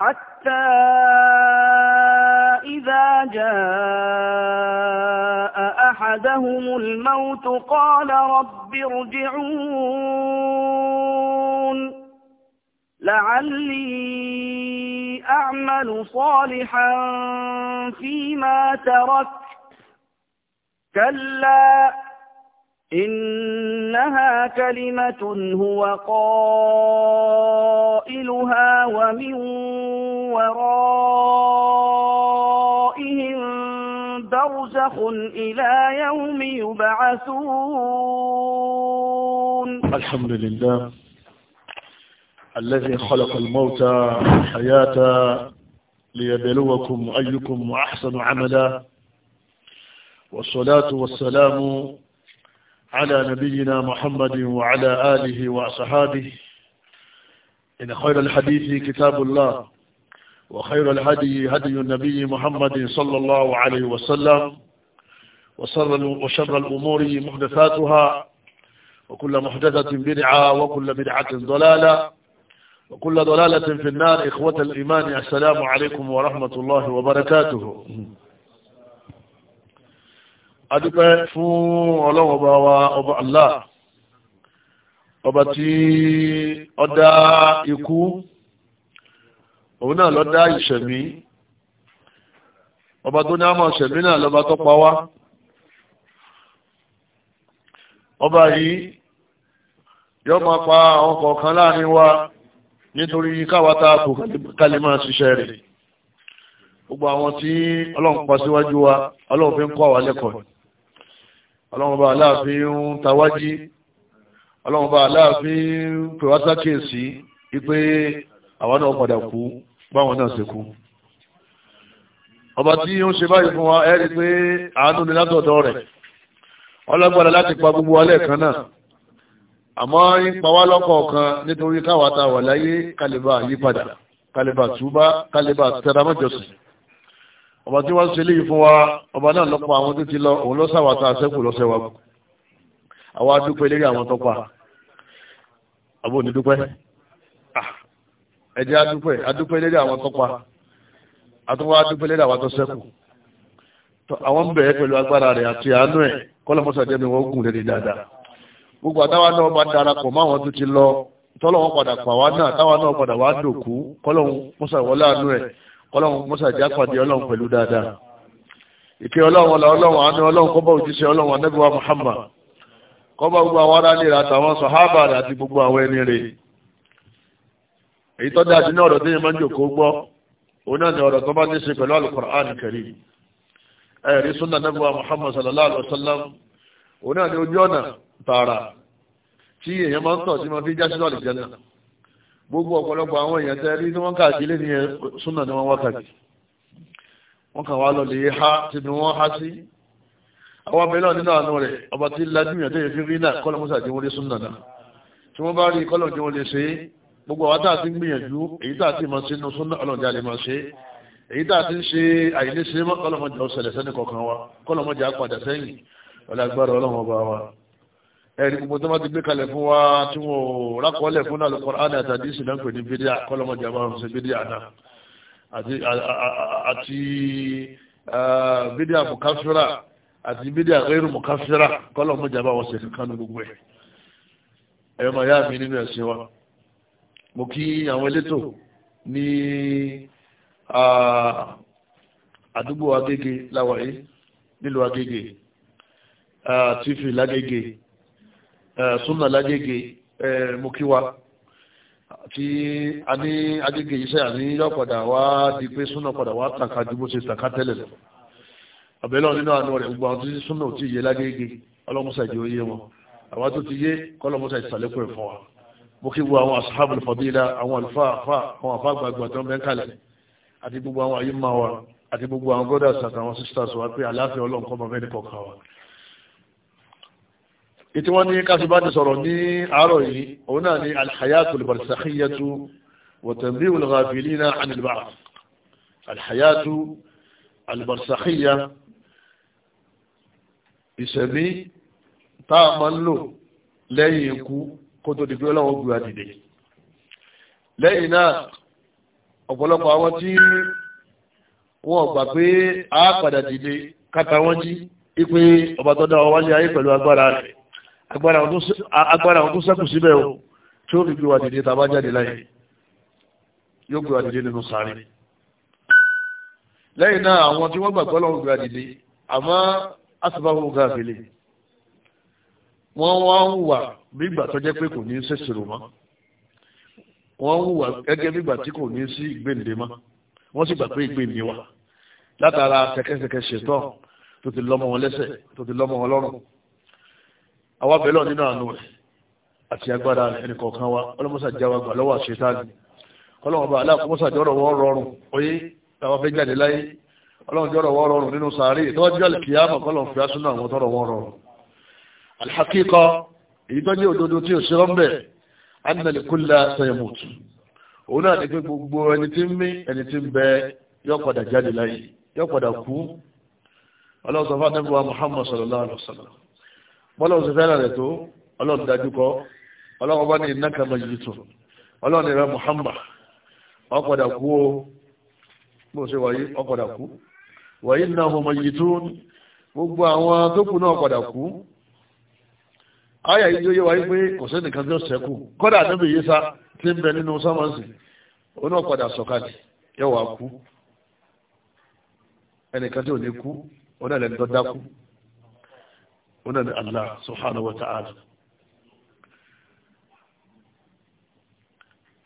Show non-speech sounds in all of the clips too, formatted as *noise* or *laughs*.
حتى إذا جاء أحدهم الموت قال رب ارجعون لعلي أعمل صالحا فيما تركت كلا إنها كلمة هو قائلها ومن ورائهم برزخ إلى يوم يبعثون الحمد لله الذي خلق الموت والحياة ليبلوكم أيكم أحسن عملا والصلاة والسلام على نبينا محمد وعلى آله وأصحابه إن خير الحديث كتاب الله وخير الهدي هدي النبي محمد صلى الله عليه وسلم وشر الأمور محدثاتها وكل محدثة بدعة وكل بدعة ضلالة وكل ضلالة في النار إخوة الإيمان السلام عليكم ورحمة الله وبركاته adúpẹ́ fún ọlọ́run ọba wa ọba Allah ọba tí ó dá ikú òun náà ló dá ìṣẹ̀mí ọba tó ní àmọ́ ìṣẹ̀mí náà lọ́ba tó pa wá ọba yìí yóò máa pa àwọn kọ̀ọ̀kan láàrin wa nítorí káwátá kò kálí máa ṣiṣẹ́ rẹ̀ gbogbo àwọn tí ọlọ́run pa síwájú wa ọlọ́run fi ń kọ́ àwa ọlọ́run bá aláàfin ń tawájí ọlọ́run bá aláàfin ń pèwátá kéèsì wípé àwọn náà padà kú báwọn náà ṣe kú ọba tí ó ń ṣe báyìí fún wa ẹ rí pé àánú ni látọ̀dọ̀ rẹ̀ ọlọ́gbàdà láti pa gbogbo alẹ́ kan náà àmọ́ ń pa wá lọ́kọ̀ọ̀kan nítorí káwa ta wà láyé kálíbà yípadà kálíbà túbá kálíbà tẹramọ́jọsìn ọba tí wọ́n ṣe léyìí fún wa ọba náà lọ́pọ̀ àwọn tó ti lọ òun lọ́sàwátà sẹ́kù lọ́sẹ̀ wa àwọn adúpẹ́ lérí àwọn tọ́pa àbò onídúpẹ́ ẹ̀jẹ̀ adúpẹ́ adúpẹ́ lérí àwọn tọ́pa àtúwọ́ adúpẹ́ lérí àwọn tó sẹ́kù ah, àwọn ń bẹ̀ẹ́ pẹ̀lú agbára rẹ̀ àti àánú ẹ̀ kọ́lọ́mọ́sàdé mi wọ́n gùn lérí dáadáa gbogbo àtàwọn náà bá darapọ̀ mọ́ àwọn tó ti lọ tọ́lọ́wọ́n padà pàwọ́ náà táwọn náà ọlọ́run mọ́sá ìjà pàdé ọlọ́run pẹ̀lú dáadáa ìkẹ́ ọlọ́run ọlá ọlọ́run àánú ọlọ́run kọ́bọ̀ òjíṣẹ́ ọlọ́run anẹ́gbẹ̀wá Muhammad kọ́bọ̀ gbogbo àwọn ará nira àtàwọn sọ̀hábà àti gbogbo àwọn ẹni rè èyí tọ́jú àti ní ọ̀rọ̀ tó yẹ máa ń jòkó gbọ́ òun náà ni ọ̀rọ̀ tó bá ní ṣe pẹ̀lú Al-Qur'an Karim ẹ̀rí súnà nẹ́gbẹ̀wá Muhammad sallallahu alayhi wa sallam òun náà ni ojú ọ̀nà tààrà gbogbo ọ̀pọ̀lọpọ̀ àwọn èèyàn tẹ́ rí ní wọ́n káàkiri ní súnà ní wọ́n wákàtí wọ́n kàn wá lọ́lẹ̀ ha ti ní wọ́n há sí àwọn abẹ́lọ́ nínú àánú rẹ̀ ọba tí lajúmọ̀ tẹ́yẹ fi rí náà kọ́lọ̀ mọ́sà tí wọ́n rí súnà náà tí wọ́n bá rí kọ́lọ̀ tí wọ́n lè ṣe gbogbo àwọn táà ti ń gbìyànjú èyí táà ẹ̀rí gbogbo tó bá ti gbé kalẹ̀ fún wa tí wọ́n rákọ́lẹ̀ fún náà lọ́kọ́ ádà àtàdé ìsìnà pè ní bídíà kọ́lọ́mọdé àbáwọn ṣe bídíà náà àti bídíà mùkáfíra àti bídíà gẹ́rù mùkáfíra kọ́lọ́mọdé àbáwọn ṣe kankan gbogbo ẹ̀ ẹ̀yọ́ máa yá mi nínú ẹ̀sìn wa mo kí àwọn elétò ní àdúgbò Agége láwàyé nílùú Agége tí lágége súnà lájẹ́gẹ̀ mú kí wa tí a ní ajẹ́gẹ̀ iṣẹ́ àníyàn padà wá di pé súnà padà wá tàkà ju bó ṣe tàkà tẹ́lẹ̀ lọ àbẹ̀lọ́ nínú àánú rẹ̀ gbogbo àwọn tí súnà ò tí yé lájẹ́gẹ̀ ọlọ́mọṣà jẹ́ oyé wọn àwọn tó ti yé kọ́lọ́mọṣà ìsàlẹ̀kùn ẹ̀ fún wa mo kí gbogbo àwọn asahabul fadila àwọn alfa afa àwọn afa gbàgbà tó ń bẹ́ ń kalẹ̀ àti gbogbo àwọn ayé máa wa àti gbogbo àwọn brothers àtàwọn sisters wa pé àlàáfíà ọlọ́nkọ́ mọ̀ fẹ́ni kọ̀ọ̀kan wa ìtí wọ́n ní kásùbáti sọ̀rọ̀ ní àárọ̀ yìí òun náà ni alhayatul barzakhiyatu wa tanbihul ghafilina anil ba'th alhayatu albarzakhiya ìṣẹ̀mí tá a máa ń lò lẹ́yìn ikú kó tó di pé ọlọ́wọ́ gbé wa dìde lẹ́yìn náà ọ̀pọ̀lọpọ̀ àwọn tí wọ́n gbà pé a padà dìde káta wọ́n jí ipe ọba tó dá wa wáyé ayé pẹ̀lú agbára rẹ̀ agbára àwọn tó sẹ́kù síbẹ̀ o tí ó fi gbé wa dìde tàbá jáde láyé yóò gbé wa dìde nínú sáré lẹ́yìn náà àwọn tí wọ́n gbàgbọ́ lọ́wọ́ gbé wa dìde àmọ́ asibáwo gáàfilé wọ́n wá ń wà bígbà tó jẹ́ pé kò ní sẹ́sìrò mọ́ wọ́n ń wà gẹ́gẹ́ bígbà tí kò ní sí ìgbéǹde mọ́ wọ́n sì gbà pé ìgbéǹde wà látara sẹ̀kẹ́sẹ̀kẹ́ ṣètọ́ tó ti lọ́mọ wọn lẹ́sẹ̀ tó ti lọ́mọ wọn lọ́rùn àwa bẹ̀rẹ̀ nínú àánú rẹ̀ àti agbára ẹnìkọ̀ọ̀kan wa ọlọ́mọ́sà jáwa gbà lọ́wọ́ àṣetáàlì ọlọ́wọ́n bá aláàkọ́mọ́sà jọ́rọ̀ wọ́n rọrùn oyé àwọn fẹ́ jáde láyé ọlọ́wọ́n jọ́rọ̀ wọ́n rọrùn nínú sàárè tọ́jú àlìkìyàmọ̀ kọ́lọ̀n fi asúnà àwọn tọ́rọ̀ wọ́n rọrùn alhakíkọ èyí tó jẹ́ òdodo tí ò ṣe rọ́mbẹ̀ annalikulla sayamut òun náà ni bọ́lá oṣù fẹ́ràn rẹ̀ tó ọlọ́run dájú kọ́ ọlọ́run bá ní iná kan mọ̀ yìí tó ọlọ́run rẹ̀ Muhammad ọ̀padà kú o bó ṣe wáyé ọ̀padà kú wáyé náà mọ̀ yìí tó gbogbo àwọn tó kù náà padà kú ayà yíyó yé wáyé pé kò sẹ́ni kan tó sẹ́kù kọ́dà níbi yìí sá ti ń bẹ nínú sámọ́sì ó náà padà sọ̀kalẹ̀ yóò wá kú ẹnìkan tí ò ní kú ó náà ó náà ni Allah subhanahu wa ta'ala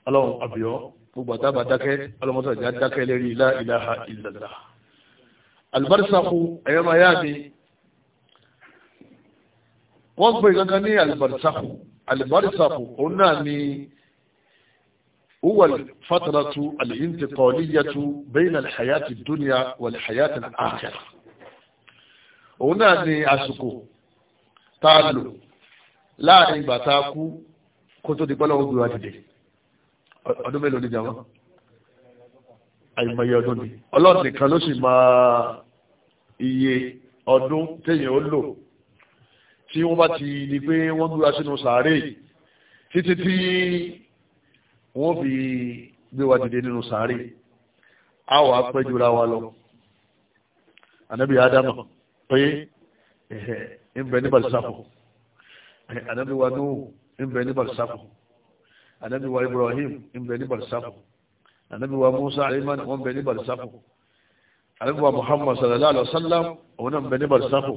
ọlọ́run àbíọ́ gbogbo àtàbà dákẹ́ ọlọ́mọdé ìjà dákẹ́ lérí la ilaha illallah albarsaku ẹ̀yọ́ máa yá mi wọ́n pè kankan ní albarsaku albarsaku òun náà ni هو الفترة الانتقالية بين الحياة الدنيا والحياة الآخرة هنا أسكو tá a lò láàrin ìgbà tá a kú kó tó di pẹ́ lọ́wọ́ gbìyànjú dé ọdún mélòó ní jàmọ́ àìmọye ọdún ni ọlọ́run nìkan ló sì máa iye ọdún téèyàn ó lò tí wọ́n bá ti di pé wọ́n gbúra sínú sàárè títí tí wọ́n fi gbé wa dìde nínú sàárè a wà pẹ́jura wa lọ anabi adama pé ń bẹ ní balisafu anabi wa nuhu ń bẹ ní balisafu anabi wa ibrahim ń bẹ ní balisafu anabi wa musa alimani wọ́n bẹ ní balisafu anabi wa muhammad sallallahu alaihi wa sallam òun náà ń bẹ ní balisafu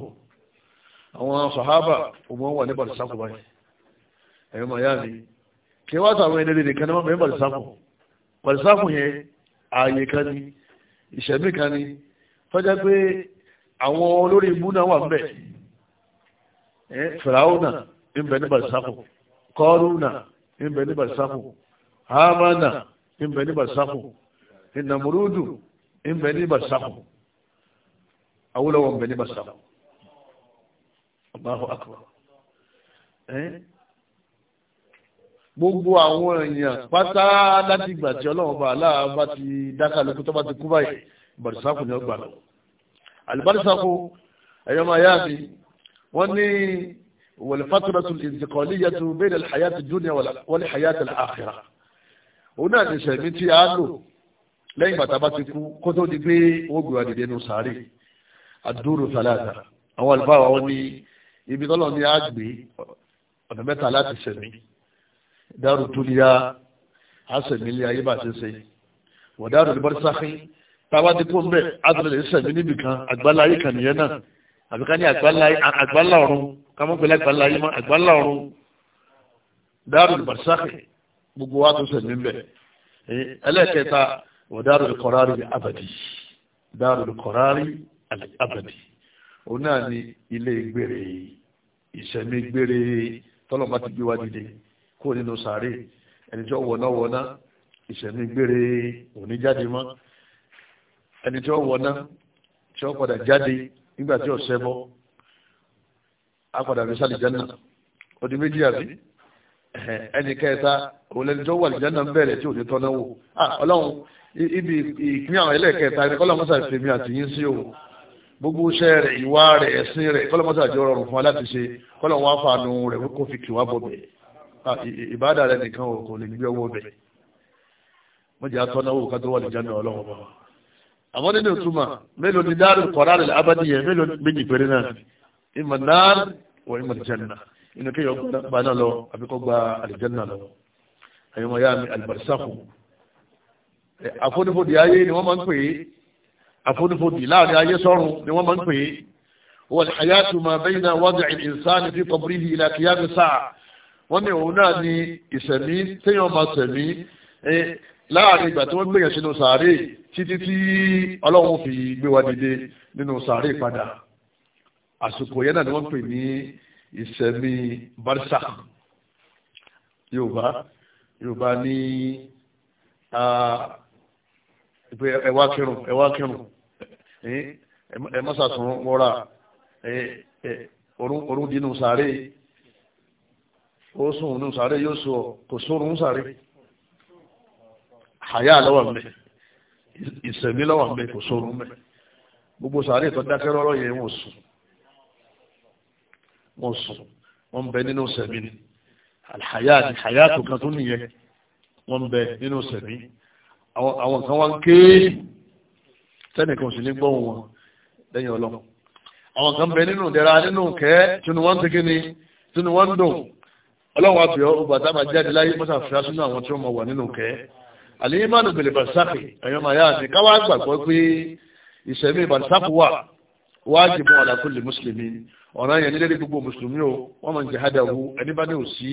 àwọn sahaba òun wà ní balisafu báyìí ẹ̀yọ́ mayami kí wá sàwọn ẹni rèé kan ní wọ́n ní balisafu balisafu yẹn ààyè kan ní ìṣẹ̀mí kan ní tọ́jà pé àwọn olórí ibú wà ń bẹ fìràwùnà ìbẹ̀ ní bàrìsáfù kọ́rùnà ìbẹ̀ ní bàrìsáfù hàmánà ìbẹ̀ ní bàrìsáfù ìnàmúrúdù ìbẹ̀ ní bàrìsáfù awúlọ́wọ̀ ìbẹ̀ ní bàrìsáfù Allahu akbar gbogbo àwọn èèyàn pátá láti ìgbà tí ọlọ́run bá aláàbá ti dáká lókú tó bá ti kú báyìí bàrìsáfù ni ó gbà lọ àlùbárísáfù ẹ̀yọ́ máa yáàfi wọ́n ní wal-fatratu al-intiqaliyyatu bayna al-hayati ad-dunya wal-hayati al-akhirah òun náà ní sẹ̀mí tí a lò lẹ́yìn bàtà bá ti kú kó tó di pé wọ́n gbé wa dìde nù sàárè àdúró sàlàtà àwọn àlùfáà wọn ní ibi tọ́lọ̀ ní àgbè ọ̀nà mẹ́ta láti sẹ̀mí dárò tó àsẹ̀mí ilé ayé bá ti ṣe wọ̀dárò ní bọ́dísáfín táwa ti kó ń àtúntò àbí ká ní àgbálá ọ̀run ká mọ́ pẹ̀lú àgbálá yìí mọ́ àgbálá ọ̀run dáàrú ìbàṣákì gbogbo wa tó sẹ̀mí bẹ̀ ẹlẹ́kẹta wọ dáàrú ìkọ̀rárí abàdì dáàrú ìkọ̀rárí abàdì òun náà ni ilé gbére ìṣẹ̀mí gbére tọ́lọ́mà ti gbé wá dìde kó nínú sàárè ẹnìjọ́ wọ̀náwọ̀ná ìṣẹ̀mí gbére òní jáde mọ́ ẹnìjọ́ wọ̀ná tí wọ́n padà jáde nígbà tí ọ̀sẹ̀ bọ́ a padà fi sálì jẹ́nà ọdún méjì àbí ẹnì kẹta òlẹ́nìjọ́ wà lìjẹ́nà bẹ̀rẹ̀ tí ò ní tọ́nà wò ah, ọlọ́run ibi ìpín àwọn ẹlẹ́ẹ̀kẹta ni kọ́lọ́mọ́sà fèmí àti yín sí o gbogbo iṣẹ́ rẹ̀ ìwà rẹ̀ ẹ̀sìn rẹ̀ kọ́lọ́mọ́sà jẹ́ rọrùn fún wa láti ṣe kọ́lọ́wọ́n àfàànù rẹ̀ kó fi kì wá bọ̀ bẹ̀ ah, ìbádà rẹ̀ nìkan kò lè gbé ọwọ́ bẹ̀ wọ́n jẹ́ atọ́náwó ká tó wà lìjẹ́nà ọlọ́run bá àmọ́ nínú ìtumọ̀ mélòó ni dáàrú kọ̀ọ̀rọ̀ rẹ̀ abadi yẹn mélòó méjì péré náà ìmọ̀ náà wọ ìmọ̀ ìjẹ́nà inú kí yọ̀ọ́ gba náà lọ àbí kọ́ gba àlìjẹ́nà lọ ẹ̀yin wọ̀nyá mi àlìbàrísàkù àfonífòdì ayé ni wọ́n máa ń pè é àfonífòdì láàrin ayé sọ́run ni wọ́n máa ń pè é wọ́n àyàtú máa bẹ́yìn náà wọ́n láàrin ìgbà tí wọ́n gbèyàn sínú sàárè títí tí ọlọ́run fi gbé wa dìde nínú sàárè padà àsìkò yẹn náà ni wọ́n pè ní ìsẹ̀mí barisa yorùbá yorùbá ní ẹwà kírun ẹwà kírun ẹ mọ́sàtún wọ́ra orúndínú sàárè ó sùn nínú sàárè yóò sọ kò sórun sàárè àyà lọ́wọ́ mẹ́ ìsẹ̀mí lọ́wọ́ mẹ́ kò sórun mẹ́ gbogbo sàárè tó dákẹ́ rọ́rọ́ yẹn wọ́n sùn wọ́n sùn wọ́n ń bẹ nínú sẹ̀mí ni àyà ni àyà tó kan tó nìyẹn wọ́n ń bẹ nínú sẹ̀mí àwọn kan wá ń ké sẹ́nìkan sì ní gbọ́hùn wọn lẹ́yìn ọlọ́run àwọn kan bẹ nínú ìdẹ̀ra nínú kẹ́ tunu wọn ti kí ni wọn dùn ọlọ́run àbíọ́ ọgbà tá jáde láyé mọ́sàfíà sínú àwọn tí wọ́n máa wà nínú kẹ́ àlèyémánu bèlè bàrìsáfì ẹ̀yọ́ máa ni káwá gbàgbọ́ pé ìṣẹ̀mí bàrìsáfì wà wájibu ala kulli mùsùlùmí ọ̀ràn yẹn nílẹ̀ gbogbo mùsùlùmí o wọ́n máa ń jẹ́ hádàwù ẹni bá ní òsì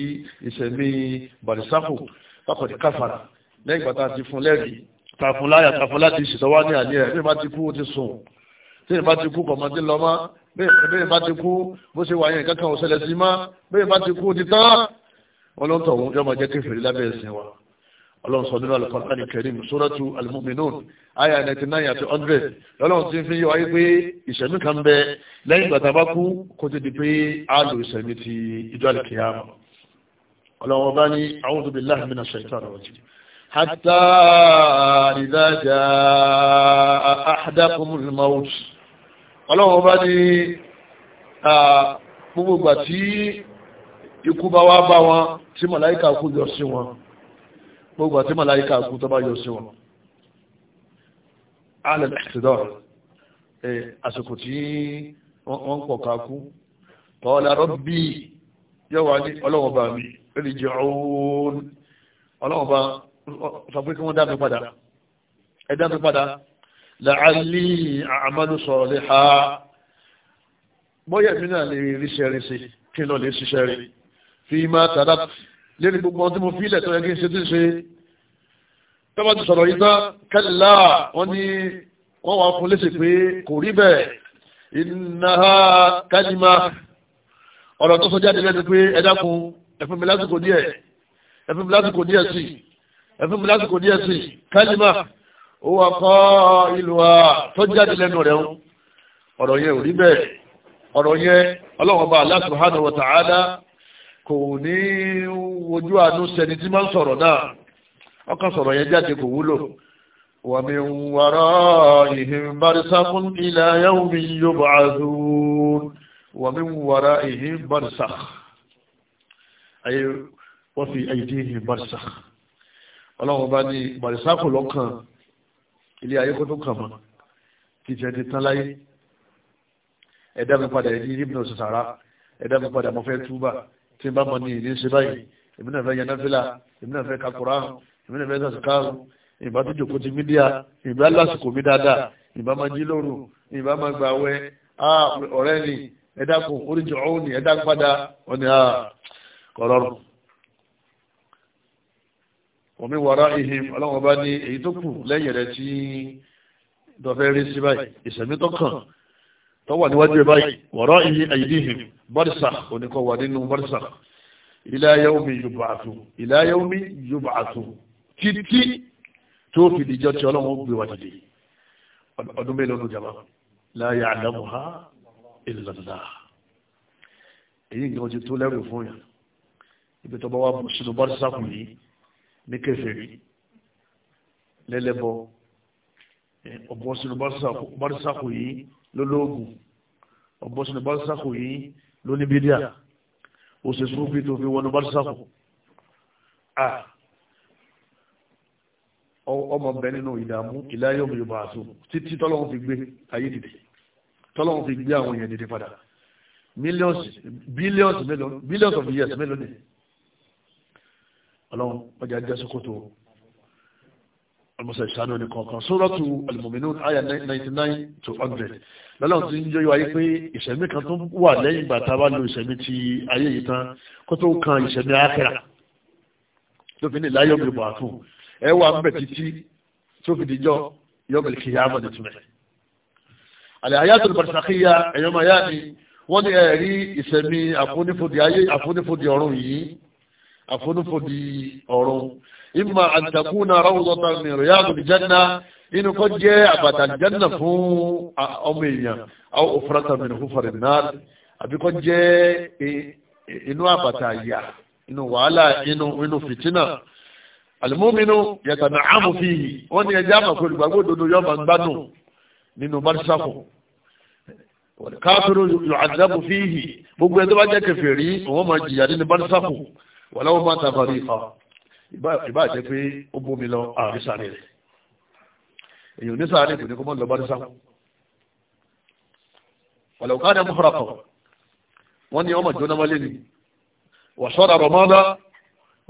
ìṣẹ̀mí bàrìsáfì fàkọ̀dé káfàrà lẹ́yìn gbàtà ti fún lẹ́rìí tàfún láyà tàfún láti ṣètọ́wá ní àlẹ́ rẹ̀ bí ìbá ti kú ó ti sùn ọlọ́run sọ nínú al-Qur'an al-Karim suratu al-Mu'minun aya ninety nine àti hundred lọ́lọ́run ti fi yọ ayé pé ìṣẹ̀mí kan bẹ lẹ́yìn ìgbà tá a bá kú kó ti di pé a lò ìṣẹ̀mí ti ìjọ al-Qiyamah ọlọ́run ọba ní a'udhu billahi minash shaitanir rajim hatta idha jaa ahadakumul ọlọ́run ọba ní gbogbo ìgbà tí ikú bá wá bá wọn tí màláìka kú yọ sí wọn gbogbo àti màláíkà kú tó bá yọ sí wọn alẹ́ ìtìdọ́ àsìkò tí wọ́n pọ̀ kákú kọ́ọ̀lá rọ́bí yọ́wà ní ọlọ́wọ̀bá mi ríjì ọ̀hún ọlọ́wọ̀bá sọpé kí wọ́n dá mi padà ẹ dá mi padà la'alli a'malu saliha bọ́yẹ̀ mi náà lè ríṣẹ́ kí lọ lè ṣiṣẹ́ rí fi máa tàdá lérí gbogbo ọdún mo fi ilẹ̀ tó yẹ kí n ṣe tí ń ṣe tọ́ba ti sọ̀rọ̀ yìí tán kẹ́lá wọ́n ní wọ́n wà fún léṣe pé kò rí bẹ́ẹ̀ ìnáha kálímà ọ̀rọ̀ tó sọ jáde lẹ́nu pé ẹ dákun ẹ̀fún mi lásìkò díẹ̀ ẹ̀fún mi lásìkò díẹ̀ sí ẹ̀fún mi lásìkò díẹ̀ sí kálímà ó wà kọ́ ìlú wa tó jáde lẹ́nu rẹ̀ ń ọ̀rọ̀ yẹn ò rí bẹ́ẹ̀ ọ̀rọ̀ yẹn ọlọ́run kò ní ojú àánú sẹni tí máa ń sọ̀rọ̀ náà ọkàn sọ̀rọ̀ yẹn jáde kò wúlò wa min wara'ihim barzakun ila yawmi yub'athun wa min wara'ihim barzakh ayé wọ́n fi aydihim barzakh ọlọ́run bá ní barzakun lọ́kàn ilé ayé kó kàn mọ́ kìjẹ́ ti tán láyé ẹ̀dá mi padà ẹ̀dí ibùdó sàrà ẹ̀dá mi padà mọ́fẹ́ túbà tí n bá mọ ní ìdí ń ṣe báyìí èmi náà fẹ́ yanáfílà èmi náà fẹ́ kakura èmi náà fẹ́ sàṣìkáàrù ìbá tó jòkó ti mídíà ìbá lásìkò mi dáadáa ìbá máa jí lóru ìbá máa gbà wẹ ọ̀rẹ́ ni ẹ̀dá kù oríjì ọ̀hún ni ẹ̀dá padà wọn ni kọ̀rọ̀rùn. omi wàrà ihim ọlọ́wọ́n bá ní èyí tó kù lẹ́yìn rẹ̀ tí dọ̀fẹ́ rí sí báyìí ìsẹ̀mí tó kàn tó wà níwájú ẹ̀ báyìí wọ̀rọ̀ iye àyídìhìn bọ́dísà oníkọ́ wà nínú bọ́dísà ila yawmi yub'athu ila yawmi yub'athu títí tó fi dìjọ́ tí ọlọ́run gbé wá dìde ọdún mélòó ló jàmá la ya'lamuha illa Allah èyí ni wọ́n ti tó lẹ́rù fún yàn ibi tó bá wà bọ̀ sínú bọ́dísà kù yìí ní kèfèrí lẹ́lẹ́bọ ọ̀bọ̀ sínú bọ́dísà kù yìí lólóògùn ọ̀bọ̀ sínú bálsákò yìí ló ní bídíà ó sì sún bí tó fi wọnú bálsákò ọmọ bẹ nínú ìdààmú ìláyọ̀ mi yorùbá àtò títí tọ́lọ́wọ́n fi gbé ayé dìde tọ́lọ́wọ́n fi gbé àwọn èèyàn dìde padà millions billions millions of years mélòó ni ọlọ́run ọjà jẹ́ sókòtò ọmọọsẹ ìṣàánú ní kọ̀ọ̀kan sórọ́tù almuminun àyà 99 to 100 lọ́lọ́run ti ń jẹ́ wáyé pé ìṣẹ̀mí kan tó wà lẹ́yìn ìgbà tá a bá lo ìṣẹ̀mí ti ayé yìí tán kó tó kan ìṣẹ̀mí àkẹ́rà tó fi ní láyọ̀ bí bọ̀ àtún ẹ wà ń bẹ̀ títí tó fi dìjọ́ yọ̀bẹ̀ kì í yá mọ̀dé àlẹ́ àyà tó bàtà kí ya ẹ̀yọ́ máa yá ni wọ́n ní ẹ̀rí ìṣẹ̀mí àfonífòdì ayé àfonífòdì ọ̀run yìí àfonífòdì ọ̀run imma an takuna rawdatan min riyadil janna inú kọ́ jẹ́ àbàtà janna fún ọmọ èèyàn aw hufratan min hufarin nar àbí kọ́ jẹ́ inú àbàtà àyà inú wàhálà inú fìtínà alimominu yàtàna àmùfì wọn ni ẹja àmàkùn olùgbàgbọ́ òdodo yọọ máa ń gbádùn nínú bárísàfù káfíru yọ̀àdàbù fíhì gbogbo ẹ̀ tó bá jẹ́ kèfèrí òun máa jìyà nínú bárísàfù wàláwọ́ máa tàbàrí fa ìbá jẹ́ pé ó bómi lọ àrísàrí rẹ̀ èyàn onísàárẹ̀ kò ní kó mọ́ lọ bá ní sáwọn ọ̀lọ́kádà mọ́fàràkọ̀ wọ́n ní ọmọ jóná mọ́lé ni wàṣọ́ra rọ̀mọ́dá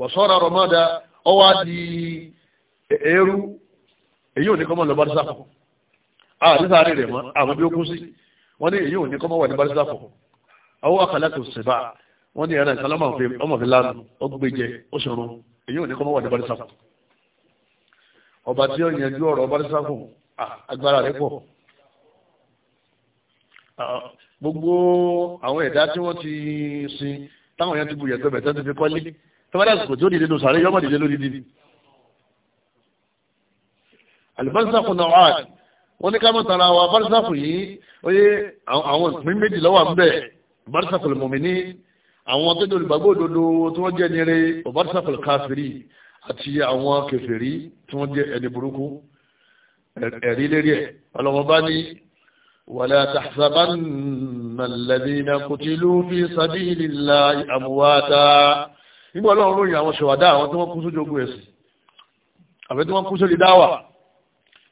wàṣọ́ra rọ̀mọ́dá ọwá di eérú èyàn ní kó mọ́ lọ bá ní sáwọn àrísàrí rẹ̀ mọ́ àwọn bí ó kú sí wọ́n ní èyàn ní kó mọ́ wà ní bá ní sáwọn ọwọ́ àkàlà tó sì bá wọ́n ní ẹ̀rọ ọmọ fi lánàá ó gbé èyí ò ní kọ́ mọ́ wà ní barisafu ọba tí ó yanjú ọ̀rọ̀ barisafu agbára rẹ̀ pọ̀ gbogbo àwọn ẹ̀dá tí wọ́n ti sin táwọn yẹn ti bu yẹ̀tọ́ bẹ̀tẹ́ ti fi kọ́lé tọ́wọ́dà kò tí ó dìde nù sàárẹ̀ yọ́mọ̀ dìde lórí dìde alìbarisafu náà wà wọ́n ní ká mọ́ tara wa barisafu yìí ó yé àwọn ìpín méjì lọ́wọ́ à ń bẹ̀ barisafu lè mọ̀mí ní àwọn tó jẹ́ olùgbàgbọ́ òdodo tí wọ́n jẹ́ nire ọ̀bátísàfẹ̀lẹ̀ káfírí àti àwọn kẹfẹ̀rí tí wọ́n jẹ́ ẹni burúkú ẹ̀rí lérí ẹ̀ ọlọ́mọba ní wàlá tahsabanna alladhina qutilu fi sabilillahi amwata nígbà ọlọ́run ròyìn àwọn ṣọ̀wádà àwọn tí wọ́n kú sójú ogun ẹ̀sìn àbẹ́ tí wọ́n kú sórí dáwà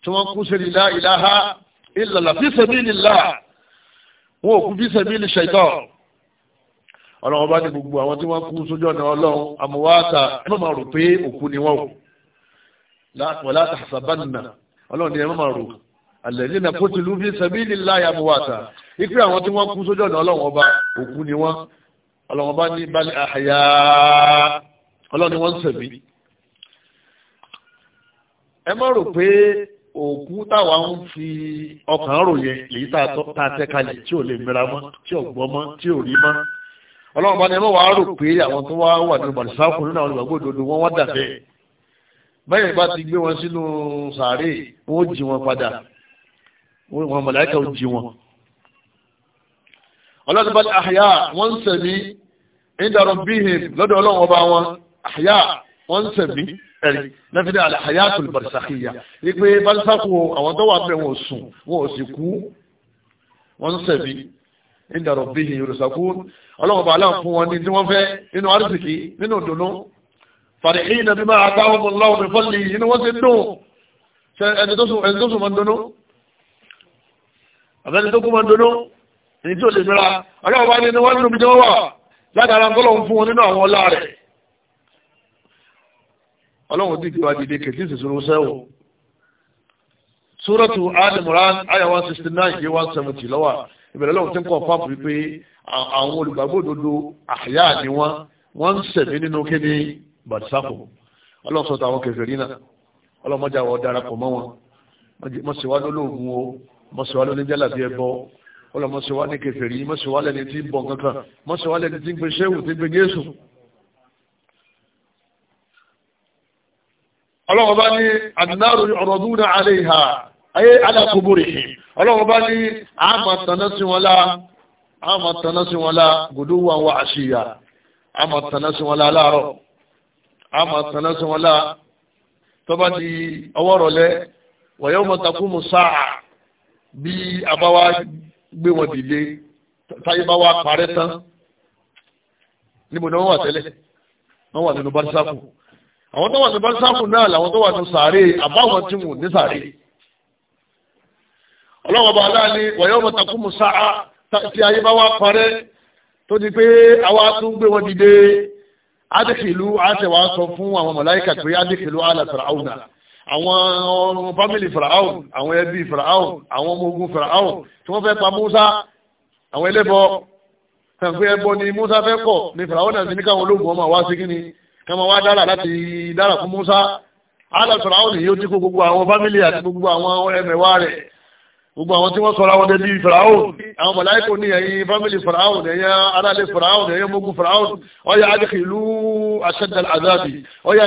tí wọ́n kú sórí la ilaha illa fi sabilillah wọn ò kú fi sabilil shaitan ọlọ́run bá ní gbogbo àwọn tí wọ́n kú sójú ọ̀nà ọlọ́run àmúwáta ẹ má máa rò pé òkú ni wọ́n wọ́n láti àṣàbánà ọlọ́run ni ẹ má máa rò àlẹ́lẹ́ náà kó ti lú bí sẹ́bílì láyà àmúwáta ipe àwọn tí wọ́n kú sójú ọ̀nà ọlọ́run ọba òkú ni wọ́n ọlọ́run bá ní balẹ̀ àyà ọlọ́run ni wọ́n ń sẹ̀mí. ẹ má rò pé òkú táwa ń fi ọkàn rò yẹn lèyí tá a tẹ́ kalẹ̀ tí ò lè mìíràn mọ́ tí ò gbọ́ mọ́ tí ò rí mọ́ ọlọ́run bá ní ẹ mọ̀ wá rò pé àwọn tó wá wà nínú bàlùsáàkù nínú àwọn ìgbàgbọ́ òdodo wọn wá dàbẹ́ bẹ́ẹ̀ bá ti gbé wọn sínú sàárè wọn jí wọn padà wọn màláíkà ò jí wọn. ọlọ́run bá ní àhàyà wọ́n ń sẹ̀mí ìdàrọ̀ bíhìn lọ́dọ̀ ọlọ́run ọba wọn àhàyà wọ́n ń sẹ̀mí ẹ̀rí lẹ́fẹ̀dé àhàyà tó lè bàlùsáàkìyà wípé bàlùsáàkù àwọn tó wà bẹ́ẹ̀ wọn ò sùn wọn ò sì kú wọ́n ń sẹ̀mí ìdàrọ̀ bí i yorùsàkú ọlọ́ọ̀bà aláwọ̀ fún wọn ní tí wọ́n fẹ́ nínú arísìkí nínú ìdùnnú fàdíhìn nàbí máa ká ọmọ ọlọ́wọ̀ mi fọ́lì inú wọ́n ti dùn ẹni tó sùn máa ń dunnú àbẹ́ni tó kú máa ń dunnú ní tí ò lè mìíràn ọlọ́ọ̀bà ní inú wọn nínú ìjọba wà látara ńkọ́lọ̀ fún wọn nínú àwọn ọlá rẹ̀ ọlọ́wọ̀n dìgbì wá dìde kẹ̀kí ìsìsúrú sẹ́wọ̀ Suratu Al Imran ayah 169 170 lọ́wọ́ ìbẹ̀rẹ̀ lọ́wọ́ tí ń kọ́ fáàpù wípé àwọn olùgbàgbọ́ òdodo àyà ni wọ́n wọ́n ń sẹ̀mí nínú kíni bàdìsápò ọlọ́sọ̀tà àwọn kèfèrí náà ọlọ́mọjà wọ́n darapọ̀ mọ́ wọn mọ̀síwá lólóògùn o mọ̀síwá lóní jálàbí ẹbọ ọlọ́mọsíwá ní kèfèrí mọ̀síwá lẹni tí ń bọ̀ kankan mọ̀síwá lẹni ayé alákòbórè ọlọ́run bá ní àmà tàná sí wọn lá àmà tàná sí wọn lá gòdó wà wà àṣìyà àmà tàná sí wọn lá láàárọ̀ àmà tàná sí wọn lá tó bá di ọwọ́ rọ̀lẹ́ wa yawma taqumu sáà bí abáwá gbé wọn dìde táyé bá wá parẹ́ tán níbo ni wọ́n wà tẹ́lẹ̀ wọ́n wà nínú bárísáàkù àwọn tó wà nínú bárísáàkù náà làwọn tó wà nínú sàárè àbáwọn tí wọ́n ní sàárè ọlọ́wọ́ bá aláàní wọ̀yọ́ mọ̀tàkù musa'a tí ayé bá wá parẹ́ tó di pé àwa tún gbé wọn dìde adékèlú àtẹwà sọ fún àwọn màláíkà pé adékèlú àlà fìràhùnà àwọn fámìlì fìràhùn àwọn ẹbí fìràhùn àwọn ọmọ ogun fìràhùn tí wọ́n fẹ́ pa musa àwọn ẹlẹ́bọ tàǹkú ẹbọ ni musa fẹ́ kọ̀ ni fìràhùn náà ti ní káwọn ológun ọmọ wá sí kíni káwọn wá dára láti dára fún musa àlà fìràhùn yìí ó ti kó gbogbo àwọn fámìlì àti gbogbo àwọn ẹmẹ̀wá rẹ̀ gbogbo àwọn tí wọ́n sọ̀rọ̀ àwọn ẹbí fìràún àwọn mọ̀láìkò ní ẹ̀yìn fámílì fìràún ẹ̀yìn aráàlẹ̀ fìràún ẹ̀yìn mogun fìràún ọya adìkìlú aṣẹ́dàl azabi ọya